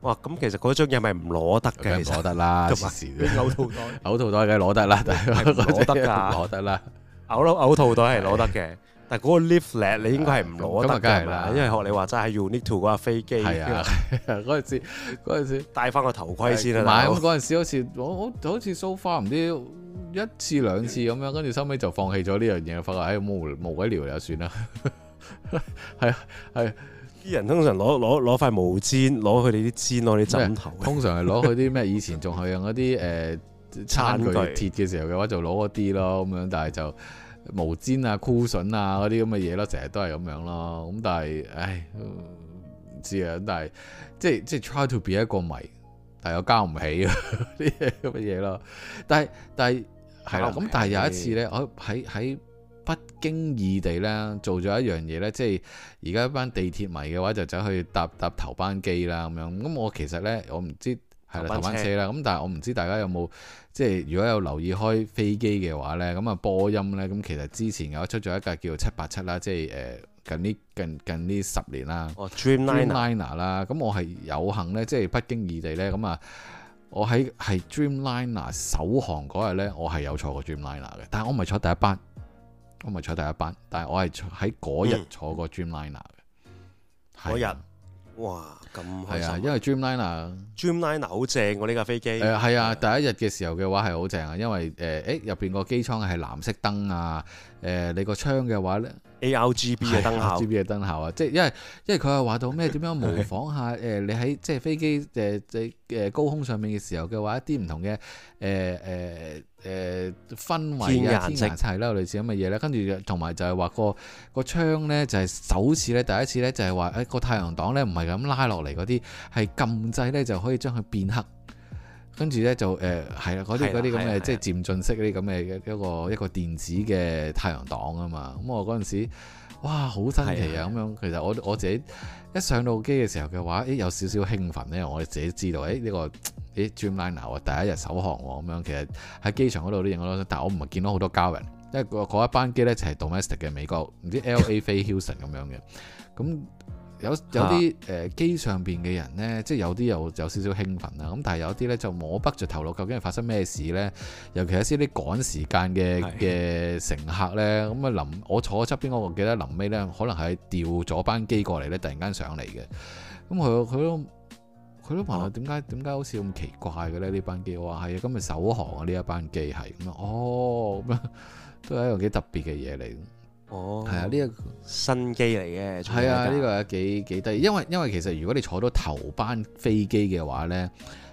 哇，咁其實嗰張嘢係咪唔攞得嘅？唔攞得啦，同埋嘅嘔吐袋，嘔吐袋梗係攞得啦，攞得㗎，攞得啦，嘔咯，嘔吐袋係攞得嘅，但係嗰個 leaflet 你應該係唔攞得嘅，因為學你話齋係 unique to 架飛機，係啊，嗰陣時，嗰陣時戴翻個頭盔先啦。唔係咁，嗰陣時好似我我好似 so far 唔知一次兩次咁樣，跟住收尾就放棄咗呢樣嘢，發覺喺無無鬼聊，就算啦，係係。啲人通常攞攞攞塊毛氈，攞佢哋啲氈，攞啲枕頭，通常係攞佢啲咩？ [LAUGHS] 以前仲係用嗰啲誒餐具鐵嘅時候嘅話，就攞嗰啲咯咁樣。但係就毛氈啊、箍筍啊嗰啲咁嘅嘢咯，成日都係咁樣咯。咁但係，唉，唔知啊。但係即係即係 try to be 一個迷，但係我交唔起啊。啲咁嘅嘢咯。但係但係係啦。咁但係有一次咧，我喺喺。不經意地咧做咗一樣嘢咧，即係而家一班地鐵迷嘅話就走去搭搭頭班機啦，咁樣咁。我其實咧，我唔知係啦頭班車啦。咁但係我唔知大家有冇即係如果有留意開飛機嘅話咧，咁啊波音咧咁其實之前有出咗一架叫七八七啦，即係誒近呢近近呢十年啦 Dreamliner 啦，咁我係有幸咧，即係不經意地咧咁啊，我喺係 Dreamliner 首航嗰日咧，我係有坐過 Dreamliner 嘅，但係我唔係坐第一班。我咪坐第一班，但係我係喺嗰日坐過 Dreamliner 嘅。嗰、嗯啊、日，哇，咁係啊，啊，因為 Dreamliner Dream。Dreamliner 好正喎，呢架飛機。誒，係啊，第一日嘅時候嘅話係好正啊，因為誒，誒、呃，入邊個機艙係藍色燈、呃、啊，誒，你個窗嘅話咧，A R G B 嘅燈效，G B 嘅燈效啊，即係因為因為佢係話到咩？點樣模仿下誒， [LAUGHS] 你喺即係飛機誒，即誒高空上面嘅時候嘅話，一啲唔同嘅誒誒。呃呃呃誒、呃，氛圍嘅、啊、天色齊啦，類似咁嘅嘢咧，跟住同埋就係話、嗰個、嗰個窗咧，就係、是、首次咧，第一次咧就係話誒個太陽擋咧，唔係咁拉落嚟嗰啲，係撳掣咧就可以將佢變黑，跟住咧就誒係啦，嗰啲嗰啲咁嘅即係漸進式嗰啲咁嘅一個一個,一個電子嘅太陽擋啊嘛，咁我嗰陣時。嗯哇，好新奇啊！咁樣其實我我自己一上到機嘅時候嘅話，誒有少少興奮咧。因為我哋自己知道，誒呢個誒 Dreamliner 啊，第一日首航喎，咁樣其實喺機場嗰度都影咗多咯。但係我唔係見到好多家人，因為嗰一班機咧就係 domestic 嘅美國，唔知 LA 飛 Houston 咁樣嘅，咁。有有啲誒、呃、機上邊嘅人咧，即係有啲又有，有，有少少興奮啊！咁但係有啲咧就摸不着頭腦，究竟係發生咩事咧？尤其一啲啲趕時間嘅嘅是乘客咧，咁啊臨我坐側邊，我記得臨尾咧，可能係調咗班機過嚟咧，突然間上嚟嘅。咁佢佢都佢都問我點解點解好似咁奇怪嘅咧？呢班機我話係今日首航啊！呢一班機係咁樣哦，咁樣都係一個幾特別嘅嘢嚟。哦，係啊，呢、這、一個新機嚟嘅，係啊，呢個幾幾得意，因為因為其實如果你坐到頭班飛機嘅話呢，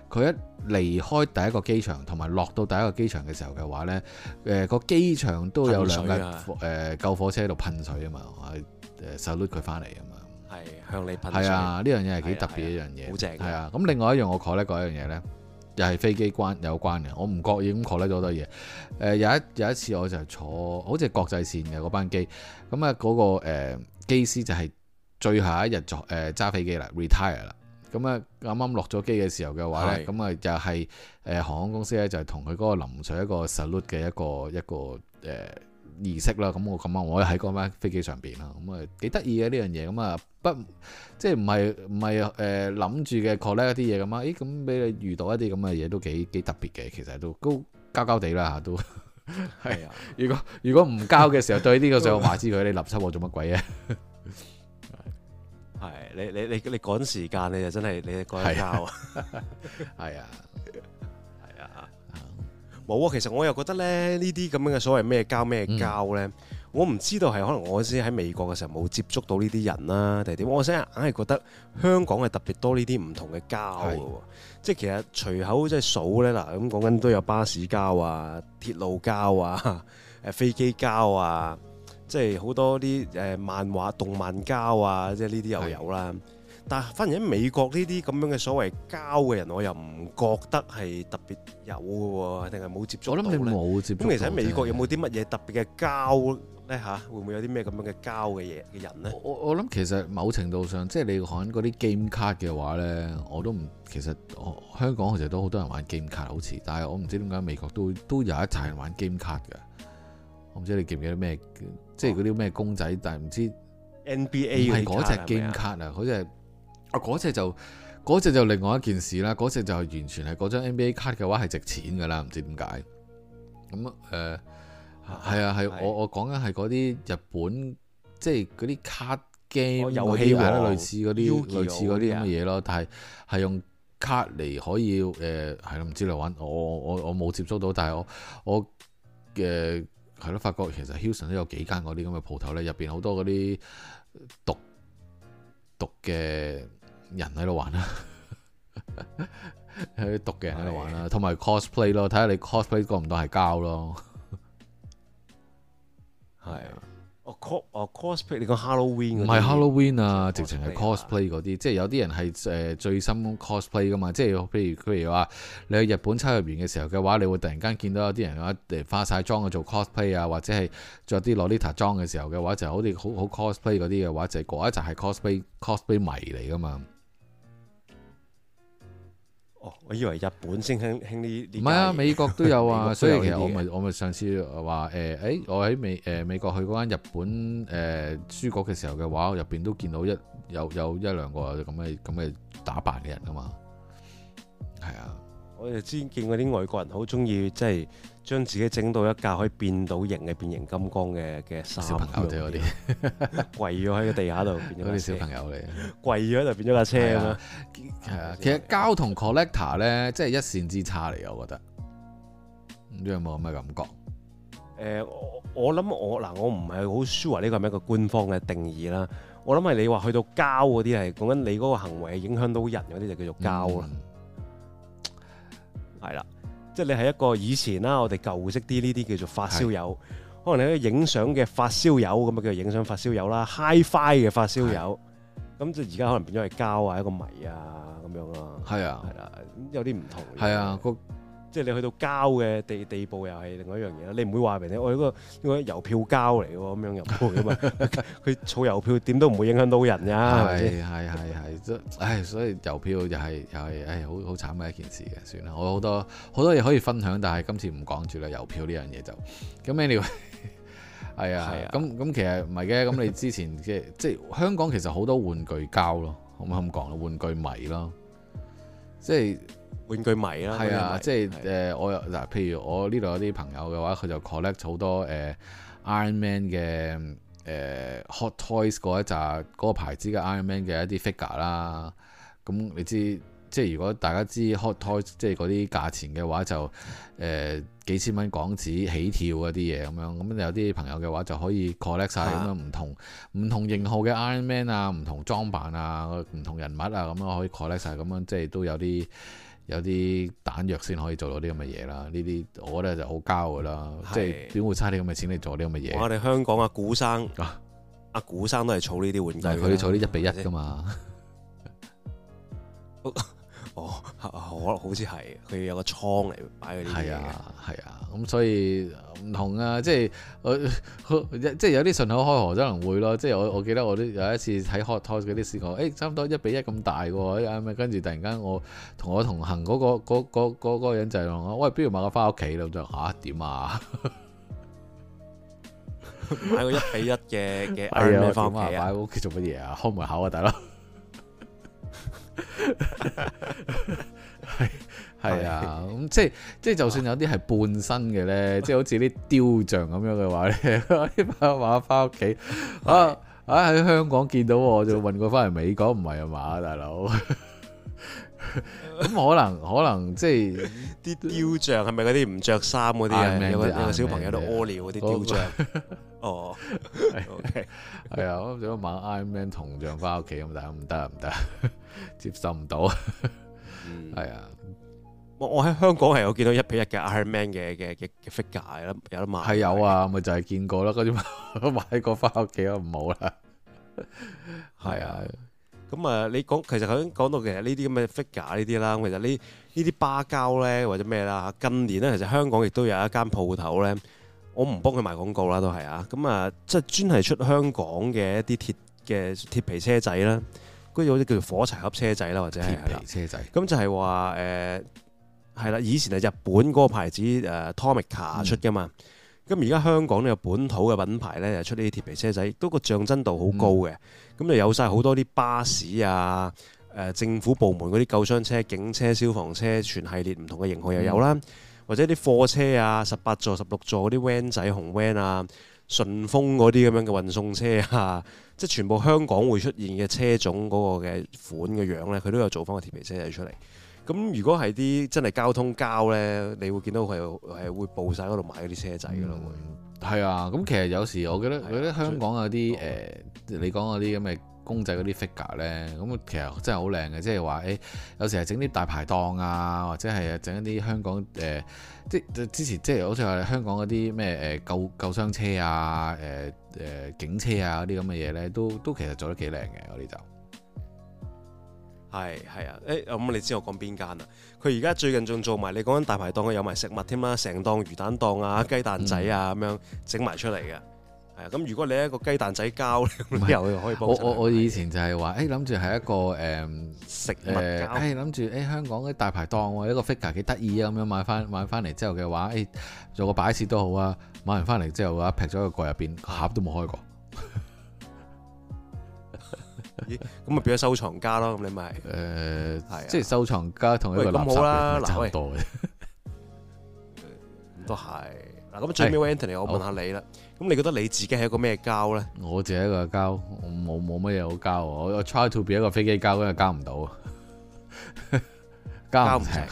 佢一離開第一個機場同埋落到第一個機場嘅時候嘅話呢，誒、呃、個機場都有兩架誒、啊呃、救火車喺度噴水啊嘛，誒 salute 佢翻嚟啊嘛，係向你噴水，係啊，呢樣嘢係幾特別一樣嘢，好正，係啊，咁、啊啊啊、另外一樣我覺得嗰樣嘢呢。又係飛機關，有關嘅。我唔覺意咁錯睇咗好多嘢。誒、呃，有一有一次我就坐，好似國際線嘅嗰班機。咁、那、啊、個，嗰個誒機師就係最後一日坐誒揸、呃、飛機啦，retire 啦。咁啊，啱啱落咗機嘅時候嘅話咧，咁啊是、嗯、又係誒、呃、航空公司咧就係同佢嗰個臨水一個 salute 嘅一個一個誒。儀式啦，咁我咁啊我喺嗰班飛機上邊啦，咁啊幾得意嘅呢樣嘢，咁啊不即係唔係唔係誒諗住嘅 collect 一啲嘢咁啊？咦、欸，咁畀你遇到一啲咁嘅嘢都幾幾特別嘅，其實都膠膠哋啦嚇，都係啊 [LAUGHS] 如！如果如果唔交嘅時候對呢個上 [LAUGHS] 我話知佢你立七我做乜鬼啊？係你你你你趕時間你就真係你趕交啊係啊！ [LAUGHS] [LAUGHS] 冇啊，其實我又覺得咧，呢啲咁樣嘅所謂咩膠咩膠咧，嗯、我唔知道係可能我先喺美國嘅時候冇接觸到呢啲人啦，定係點？我先係硬係覺得香港係特別多呢啲唔同嘅膠嘅喎，是即係其實隨口即係數咧嗱，咁講緊都有巴士膠啊、鐵路膠啊、誒飛機膠啊，即係好多啲誒漫畫動漫膠啊，即係呢啲又有啦。但係反而喺美國呢啲咁樣嘅所謂膠嘅人，我又唔覺得係特別有嘅喎，定係冇接觸到。我諗你冇接觸。咁其實喺美國有冇啲乜嘢特別嘅膠咧嚇？會唔會有啲咩咁樣嘅膠嘅嘢嘅人咧？我我諗其實某程度上，即係你玩嗰啲 game 卡嘅話咧，我都唔其實香港其實都好多人玩 game 卡，好似，但係我唔知點解美國都都有一紮人玩 game 卡嘅。我唔知你記唔記得咩？哦、即係嗰啲咩公仔，但係唔知 NBA 唔係嗰隻 game 卡啊，嗰隻。啊嗰隻就隻、那個、就另外一件事啦，嗰、那、隻、個、就係完全係嗰張 NBA 卡嘅話係值錢噶啦，唔知點解咁，誒係啊，係我我講緊係嗰啲日本即係嗰啲卡 game 遊戲牌都、哦哦、類似嗰啲類似嗰啲咁嘅嘢咯，Yeah. 但係係用卡嚟可以誒係唔知嚟玩我我我冇接觸到，但係我我嘅係咯，發覺其實 Hilton 都有幾間嗰啲咁嘅鋪頭咧，入邊好多嗰啲獨獨嘅。人喺度玩啦、啊 [LAUGHS] 啊對，有啲毒嘅人喺度玩啦、啊 [LAUGHS] 對，同埋 cosplay 咯，睇下你 cosplay 過唔到係膠咯，係啊，哦 cos p l a y 你講 Halloween 嗰啲，唔係 Halloween 啊，啊直情係 cosplay 嗰啲，即係有啲人係誒最新 cosplay 噶嘛，即係譬如譬如話你去日本秋葉原嘅時候嘅話，你會突然間見到有啲人啊嚟化晒妝去做 cosplay 啊，或者係着啲 lolita 裝嘅時候嘅話就，就好似好好 cosplay 嗰啲嘅話，就係嗰一集係 cosplay cosplay 迷嚟噶嘛。哦、我以為日本先興興呢啲，唔係啊，美國都有啊。 [LAUGHS] 有啊，所以其實 [LAUGHS] 我咪我咪上次話誒誒，我喺美誒、呃、美國去嗰間日本誒、呃、書局嘅時候嘅話，入邊都見到一有有一兩個咁嘅咁嘅打扮嘅人啊嘛。係啊，我哋之前見過啲外國人好中意即係。將自己整到一架可以變到型嘅變形金剛嘅嘅衫，小朋友對我哋跪咗喺個地下度，變咗啲小朋友嚟。 [LAUGHS] 跪咗喺度變咗架車咁、啊、樣，係實啊。其實膠同 collector 咧，即係一線之差嚟，我覺得。唔知有冇咩感覺？誒、呃，我我諗我嗱，我唔係好 sure 呢個係咪一個官方嘅定義啦。我諗係你話去到膠嗰啲係講緊你嗰個行為影響到人嗰啲就叫做膠啦、嗯。係啦、嗯。即係你係一個以前啦，我哋舊式啲呢啲叫做發燒友，係啊，可能你啲影相嘅發燒友咁嘅叫影相發燒友啦，Hi-Fi 嘅發燒友，咁即係而家可能變咗係膠啊，一個迷啊咁樣咯。係啊，係啦，咁有啲唔同。係啊，即係你去到膠嘅地地步，又係另外一樣嘢啦。你唔會話俾你，我、哦、係、這個這個、一個郵票膠嚟喎，咁樣又唔配㗎嘛。佢儲郵票點都唔會影響到人㗎、啊，係係係係，即 [LAUGHS] 唉，所以郵票又係又係，唉，好、哎、好慘嘅一件事嘅，算啦。我好多好多嘢可以分享，但係今次唔講住啦。郵票呢樣嘢就咁，Anyway 係啊，係啊，咁咁其實唔係嘅，咁你之前嘅 [LAUGHS] 即係香港其實好多玩具膠咯，可唔可以咁講玩具迷咯，即係。玩具迷啦，係啊，即係是誒，我又嗱，譬如我呢度有啲朋友嘅話，佢就 collect 好多誒、呃、Iron Man 嘅誒、呃、Hot Toys 嗰一扎嗰、嗰個牌子嘅 Iron Man 嘅一啲 figure 啦。咁你知即係如果大家知 Hot Toys 即係嗰啲價錢嘅話就，就、呃、誒幾千蚊港紙起跳嗰啲嘢咁樣。咁有啲朋友嘅話就可以 collect 曬咁樣唔同唔、啊、同型號嘅 Iron Man 啊，唔同裝扮啊，唔同人物啊，咁樣可以 collect 曬咁樣，即係都有啲。有啲彈藥先可以做到啲咁嘅嘢啦，呢啲我覺得就好膠噶啦，的即係點會差啲咁嘅錢嚟做啲咁嘅嘢？我哋香港阿古生、啊、阿古生都係儲呢啲玩具，佢儲啲一比一噶嘛、啊。哦，可能好似係佢有個倉嚟擺嗰啲嘢啊，係啊。咁所以唔同啊，即係我即係有啲順口開河可能會咯，即係我我記得我都有一次睇 hot toys 嗰啲試過，誒、欸、差唔多一比一咁大喎、欸，跟住突然間我同我同行嗰、嗰個人就係、是、話，喂，不如買個返屋企咯，咁就嚇點啊？買個一比一嘅嘅 R 咩返屋企？ [LAUGHS] 買個屋企做乜嘢啊？開門口啊，大佬！ [LAUGHS] [LAUGHS] [LAUGHS] 係啊，咁即係即係，就算有啲係半身嘅咧，即係好似啲雕像咁樣嘅話咧，可以擺埋翻屋企。啊啊喺香港見到，我就運過翻嚟美國，唔係啊嘛大佬。咁可能可能即係啲雕像係咪嗰啲唔着衫嗰啲？有冇小朋友喺度屙尿嗰啲雕像？哦，OK，係啊，想買 Iron Man 銅像翻屋企咁，但係唔得唔得，接受唔到。係啊。我喺香港係有見到一比一嘅 Iron Man 嘅嘅嘅嘅 figure 有有得賣，係有啊，咪的就係見過啦。嗰 [LAUGHS] 啲買過翻屋企都唔好啦。係啊、嗯，咁啊的，你講其實講講到其實呢啲咁嘅 figure 呢啲啦，其實 ure，呢呢啲巴膠咧或者咩啦，近年咧其實香港亦都有一間鋪頭咧，我唔幫佢賣廣告啦，都係啊。咁啊，即、就、係、是、專係出香港嘅一啲鐵嘅鐵皮車仔啦，嗰啲好似叫做火柴盒車仔啦，或者係啦，鐵皮車仔。咁、嗯、就係話誒。呃係啦，以前係日本嗰個牌子誒、uh, Tomica 出嘅嘛，咁而家香港咧有本土嘅品牌咧，又、就係、出呢啲鐵皮車仔，都個象真度好高嘅，咁、嗯、就有晒好多啲巴士啊、呃、政府部門嗰啲救傷車、警車、消防車，全系列唔同嘅型號又有啦，嗯、或者啲貨車啊、十八座、十六座嗰啲 van 仔、紅 van 啊、順豐嗰啲咁樣嘅運送車啊，即係全部香港會出現嘅車種嗰個嘅款嘅樣咧，佢都有做翻個鐵皮車仔出嚟。咁如果係啲真係交通膠呢，你會見到佢係會佈晒嗰度買嗰啲車仔噶咯，會係、嗯、啊。咁其實有時我覺得，啊、香港有啲誒、嗯呃，你講嗰啲咁嘅公仔嗰啲 figure 呢，咁其實真係好靚嘅。即係話誒，有時係整啲大排檔啊，或者係整一啲香港誒，即、呃、之前即係好似話香港嗰啲咩誒救救傷車啊，誒、呃、誒警車啊嗰啲咁嘅嘢呢，都都其實做得幾靚嘅嗰啲就。係係啊！誒，咁、欸嗯、你知我講邊間啊？佢而家最近仲做埋你講緊大排檔啊，有埋食物添啦，成檔魚蛋檔啊、雞蛋仔啊咁樣整埋出嚟嘅。係啊、嗯，咁如果你係一個雞蛋仔膠，之後又可以幫我。我我以前就係話，誒諗住係一個誒、嗯、食物膠，誒諗住誒香港啲大排檔喎，一個 figure 幾得意啊，咁樣買翻買翻嚟之後嘅話，誒、欸、做個擺設都好啊。買完翻嚟之後啊，話，擗咗喺個櫃入邊，盒都冇開過。 [LAUGHS] 咁咪變咗收藏家咯，咁你咪，誒、呃，係、啊，即係收藏家同一個集嘅嗱，啊、多嘅、呃，唔係，嗱， [LAUGHS] 咁最尾 Anthony，我問下你啦，咁、欸、你覺得你自己係一個咩膠咧？我自己一個膠，我冇冇乜嘢好膠。啊，我 try to be 一個飛機膠，跟住膠唔到，膠 [LAUGHS] 唔成，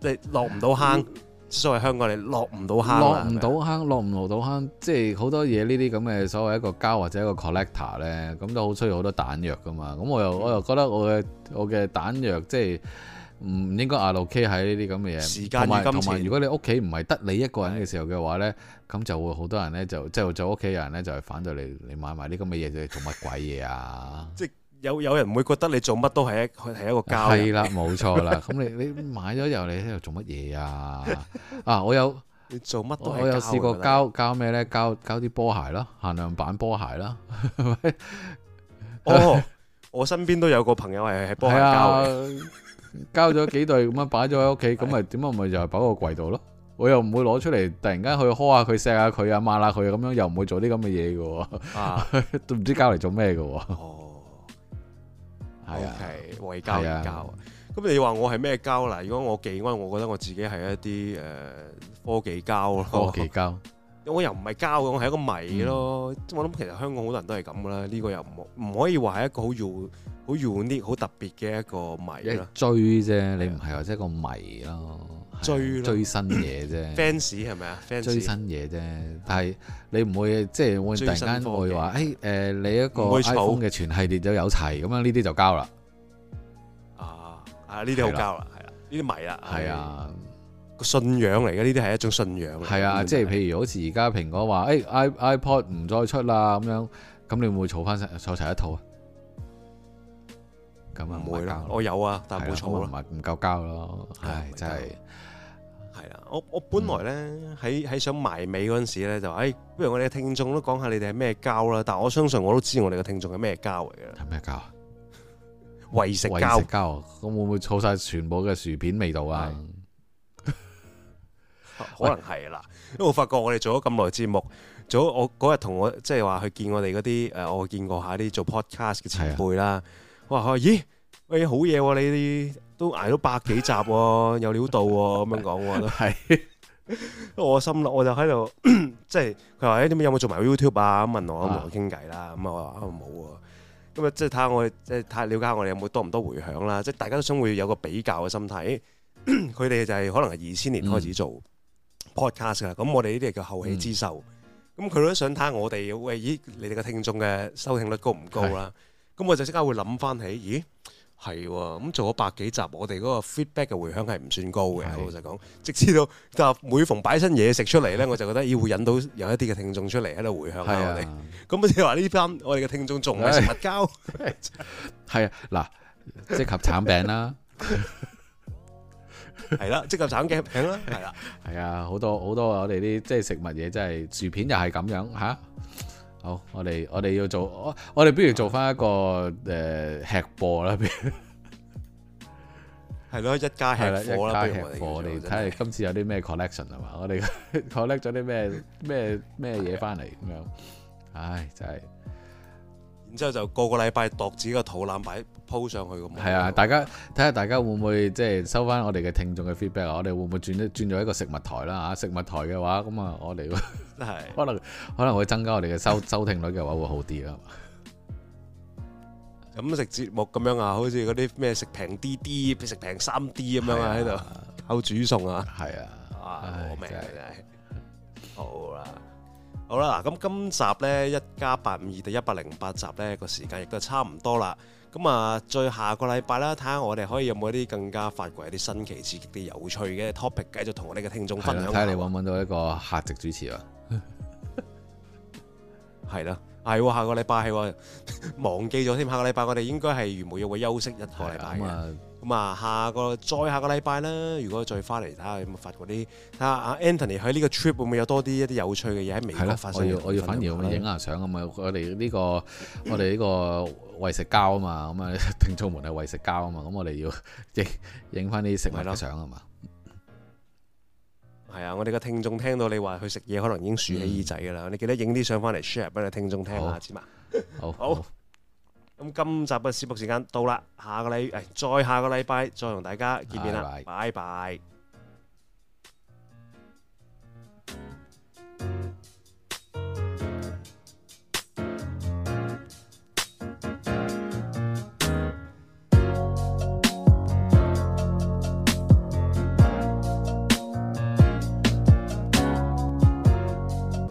即係落唔到坑。嗯所謂香港嚟落唔到坑，落唔到坑，落唔落到坑，即係好多嘢，呢啲咁嘅所謂一個膠或者一個 collector 咧，咁都好需要好多彈藥噶嘛。咁我又我又覺得我嘅我嘅彈藥即係唔應該阿路 k 喺呢啲咁嘅嘢。時間與金錢。同埋如果你屋企唔係得你一個人嘅時候嘅話咧，咁就會好多人咧就即係就屋企人咧就係反對你你買埋啲咁嘅嘢，就你做乜鬼嘢啊？有有人會覺得你做乜都係一係一個膠係啦，冇錯啦。咁你你買咗又你喺度做乜嘢啊？啊，我有做乜都係膠。我有試過膠膠咩咧？膠膠啲波鞋啦，限量版波鞋啦。哦，我身邊都有個朋友係係波鞋膠嘅，膠咗幾對咁樣擺咗喺屋企，咁啊點解咪就係擺喺個櫃度咯。我又唔會攞出嚟，突然間去開下佢、錫下佢、抹下佢咁樣，又唔會做啲咁嘅嘢嘅。啊，都唔知膠嚟做咩嘅。哦。O.K. 為膠而膠，咁你話我係咩膠嗱，如果我幾安，我覺得我自己係一啲誒科技膠咯。科技膠， [LAUGHS] 我又唔係膠嘅，我係一個迷咯。嗯、我諗其實香港好多人都係咁噶啦。呢、嗯、個又唔唔可以話係一個好 unique、好特別嘅一個迷咯。一追啫，你唔係話即係個迷咯。追追新嘢啫，fans 係咪啊？追新嘢啫，但係你唔會即係會突然間會話誒誒，你一個 iPhone 嘅全系列都有齊咁樣，呢啲就交啦。啊啊，呢啲好交啦，係啊，呢啲咪啦。係啊，信仰嚟嘅，呢啲係一種信仰。係啊，即係譬如好似而家蘋果話誒，i iPod 唔再出啦咁樣，咁你會唔會儲翻晒儲齊一套啊？咁啊唔會咯，我有啊，但係冇儲咯，唔夠交咯，係真係。係啊，我我本來咧喺喺想埋尾嗰陣時咧就，哎，不如我哋聽眾都講下你哋係咩膠啦。但我相信我都知我哋嘅聽眾係咩膠嚟嘅。係咩膠啊？為食膠，咁會唔會儲晒全部嘅薯片味道啊？可能係啦，因為我發覺我哋做咗咁耐節目，做我嗰日同我即係話去見我哋嗰啲誒，我見過下啲做 podcast 嘅前輩啦。我話，啊，咦，喂，哎，好嘢喎，啊，你啲。」都挨咗百幾集喎，有料到喎，咁樣講喎都係。我心諗，我就喺度，即係佢話：咦，點解有冇做埋 YouTube 啊？咁問我，我同佢傾偈啦。咁我話：啊，冇喎。咁啊，即係睇下我哋，即係睇下了解下我哋有冇多唔多迴響啦。即係大家都想會有個比較嘅心態。佢哋就係可能係二千年開始做 podcast 啦。咁我哋呢啲叫後起之秀。咁佢都想睇下我哋，喂，咦，你哋嘅聽眾嘅收聽率高唔高啦？咁我就即刻會諗翻起，咦？係喎，咁做咗百幾集，我哋嗰個 feedback 嘅回響係唔算高嘅，老實講。直至到每逢擺新嘢食出嚟咧，嗯、我就覺得，要會引到有一啲嘅聽眾出嚟喺度回響我哋。咁即係話呢班我哋嘅聽眾仲係食物膠，係啊的，嗱， [LAUGHS] 即係橙餅啦，係啦， [LAUGHS] 即係橙嘅餅啦，係啦，係啊，好多好多我哋啲即係食物嘢真係，薯片又係咁樣嚇。好，我哋我哋要做，我我哋不如做翻一個誒、呃、吃播啦，邊係咯，一家吃貨啦，一家吃貨，我哋睇下今次有啲咩 collection 係嘛， [LAUGHS] 我哋 collect 咗啲咩咩咩嘢翻嚟咁樣，唉，真係。然之後就個個禮拜度自己個肚腩擺鋪上去咁。係啊，大家睇下大家會唔會即係收翻我哋嘅聽眾嘅 feedback 我哋會唔會轉一轉咗一個食物台啦？嚇，食物台嘅話，咁啊，我哋可能可能會增加我哋嘅收收聽率嘅話，會好啲咯。咁食節目咁樣啊，好似嗰啲咩食平啲啲，食平三 D 咁樣啊，喺度烤煮餸啊，係啊，啊，好啊。好啦，嗱咁今集呢，一加八五二第一百零八集呢，個時間亦都差唔多啦，咁啊，最下個禮拜啦，睇下我哋可以有冇一啲更加發掘一啲新奇刺激啲有趣嘅 topic，繼續同我哋嘅聽眾分享。睇下你揾唔揾到一個客席主持啊？係 [LAUGHS] 啦，係下個禮拜係，忘記咗添。下個禮拜 [LAUGHS] 我哋應該係原本要休息一個禮拜嘅。咁啊，下個再下個禮拜啦，如果再翻嚟睇下有冇發過啲睇下阿 Anthony 喺呢個 trip 會唔會有多啲一啲有趣嘅嘢喺美國發生？我要，要我要反而要影下相，咁啊 [LAUGHS] 我哋呢、呢個我哋呢個為食膠啊嘛，咁啊聽眾們係為食膠啊嘛，咁我哋要影影翻啲食物嘅相啊嘛？係啊，我哋個聽眾聽到你話去食嘢，可能已經豎起耳仔㗎啦。嗯、你記得影啲相翻嚟 share 俾你聽眾聽下知嘛？好。咁今集嘅節目時間到啦，下個禮誒、哎，再下個禮拜再同大家見面啦，的拜拜。拜拜。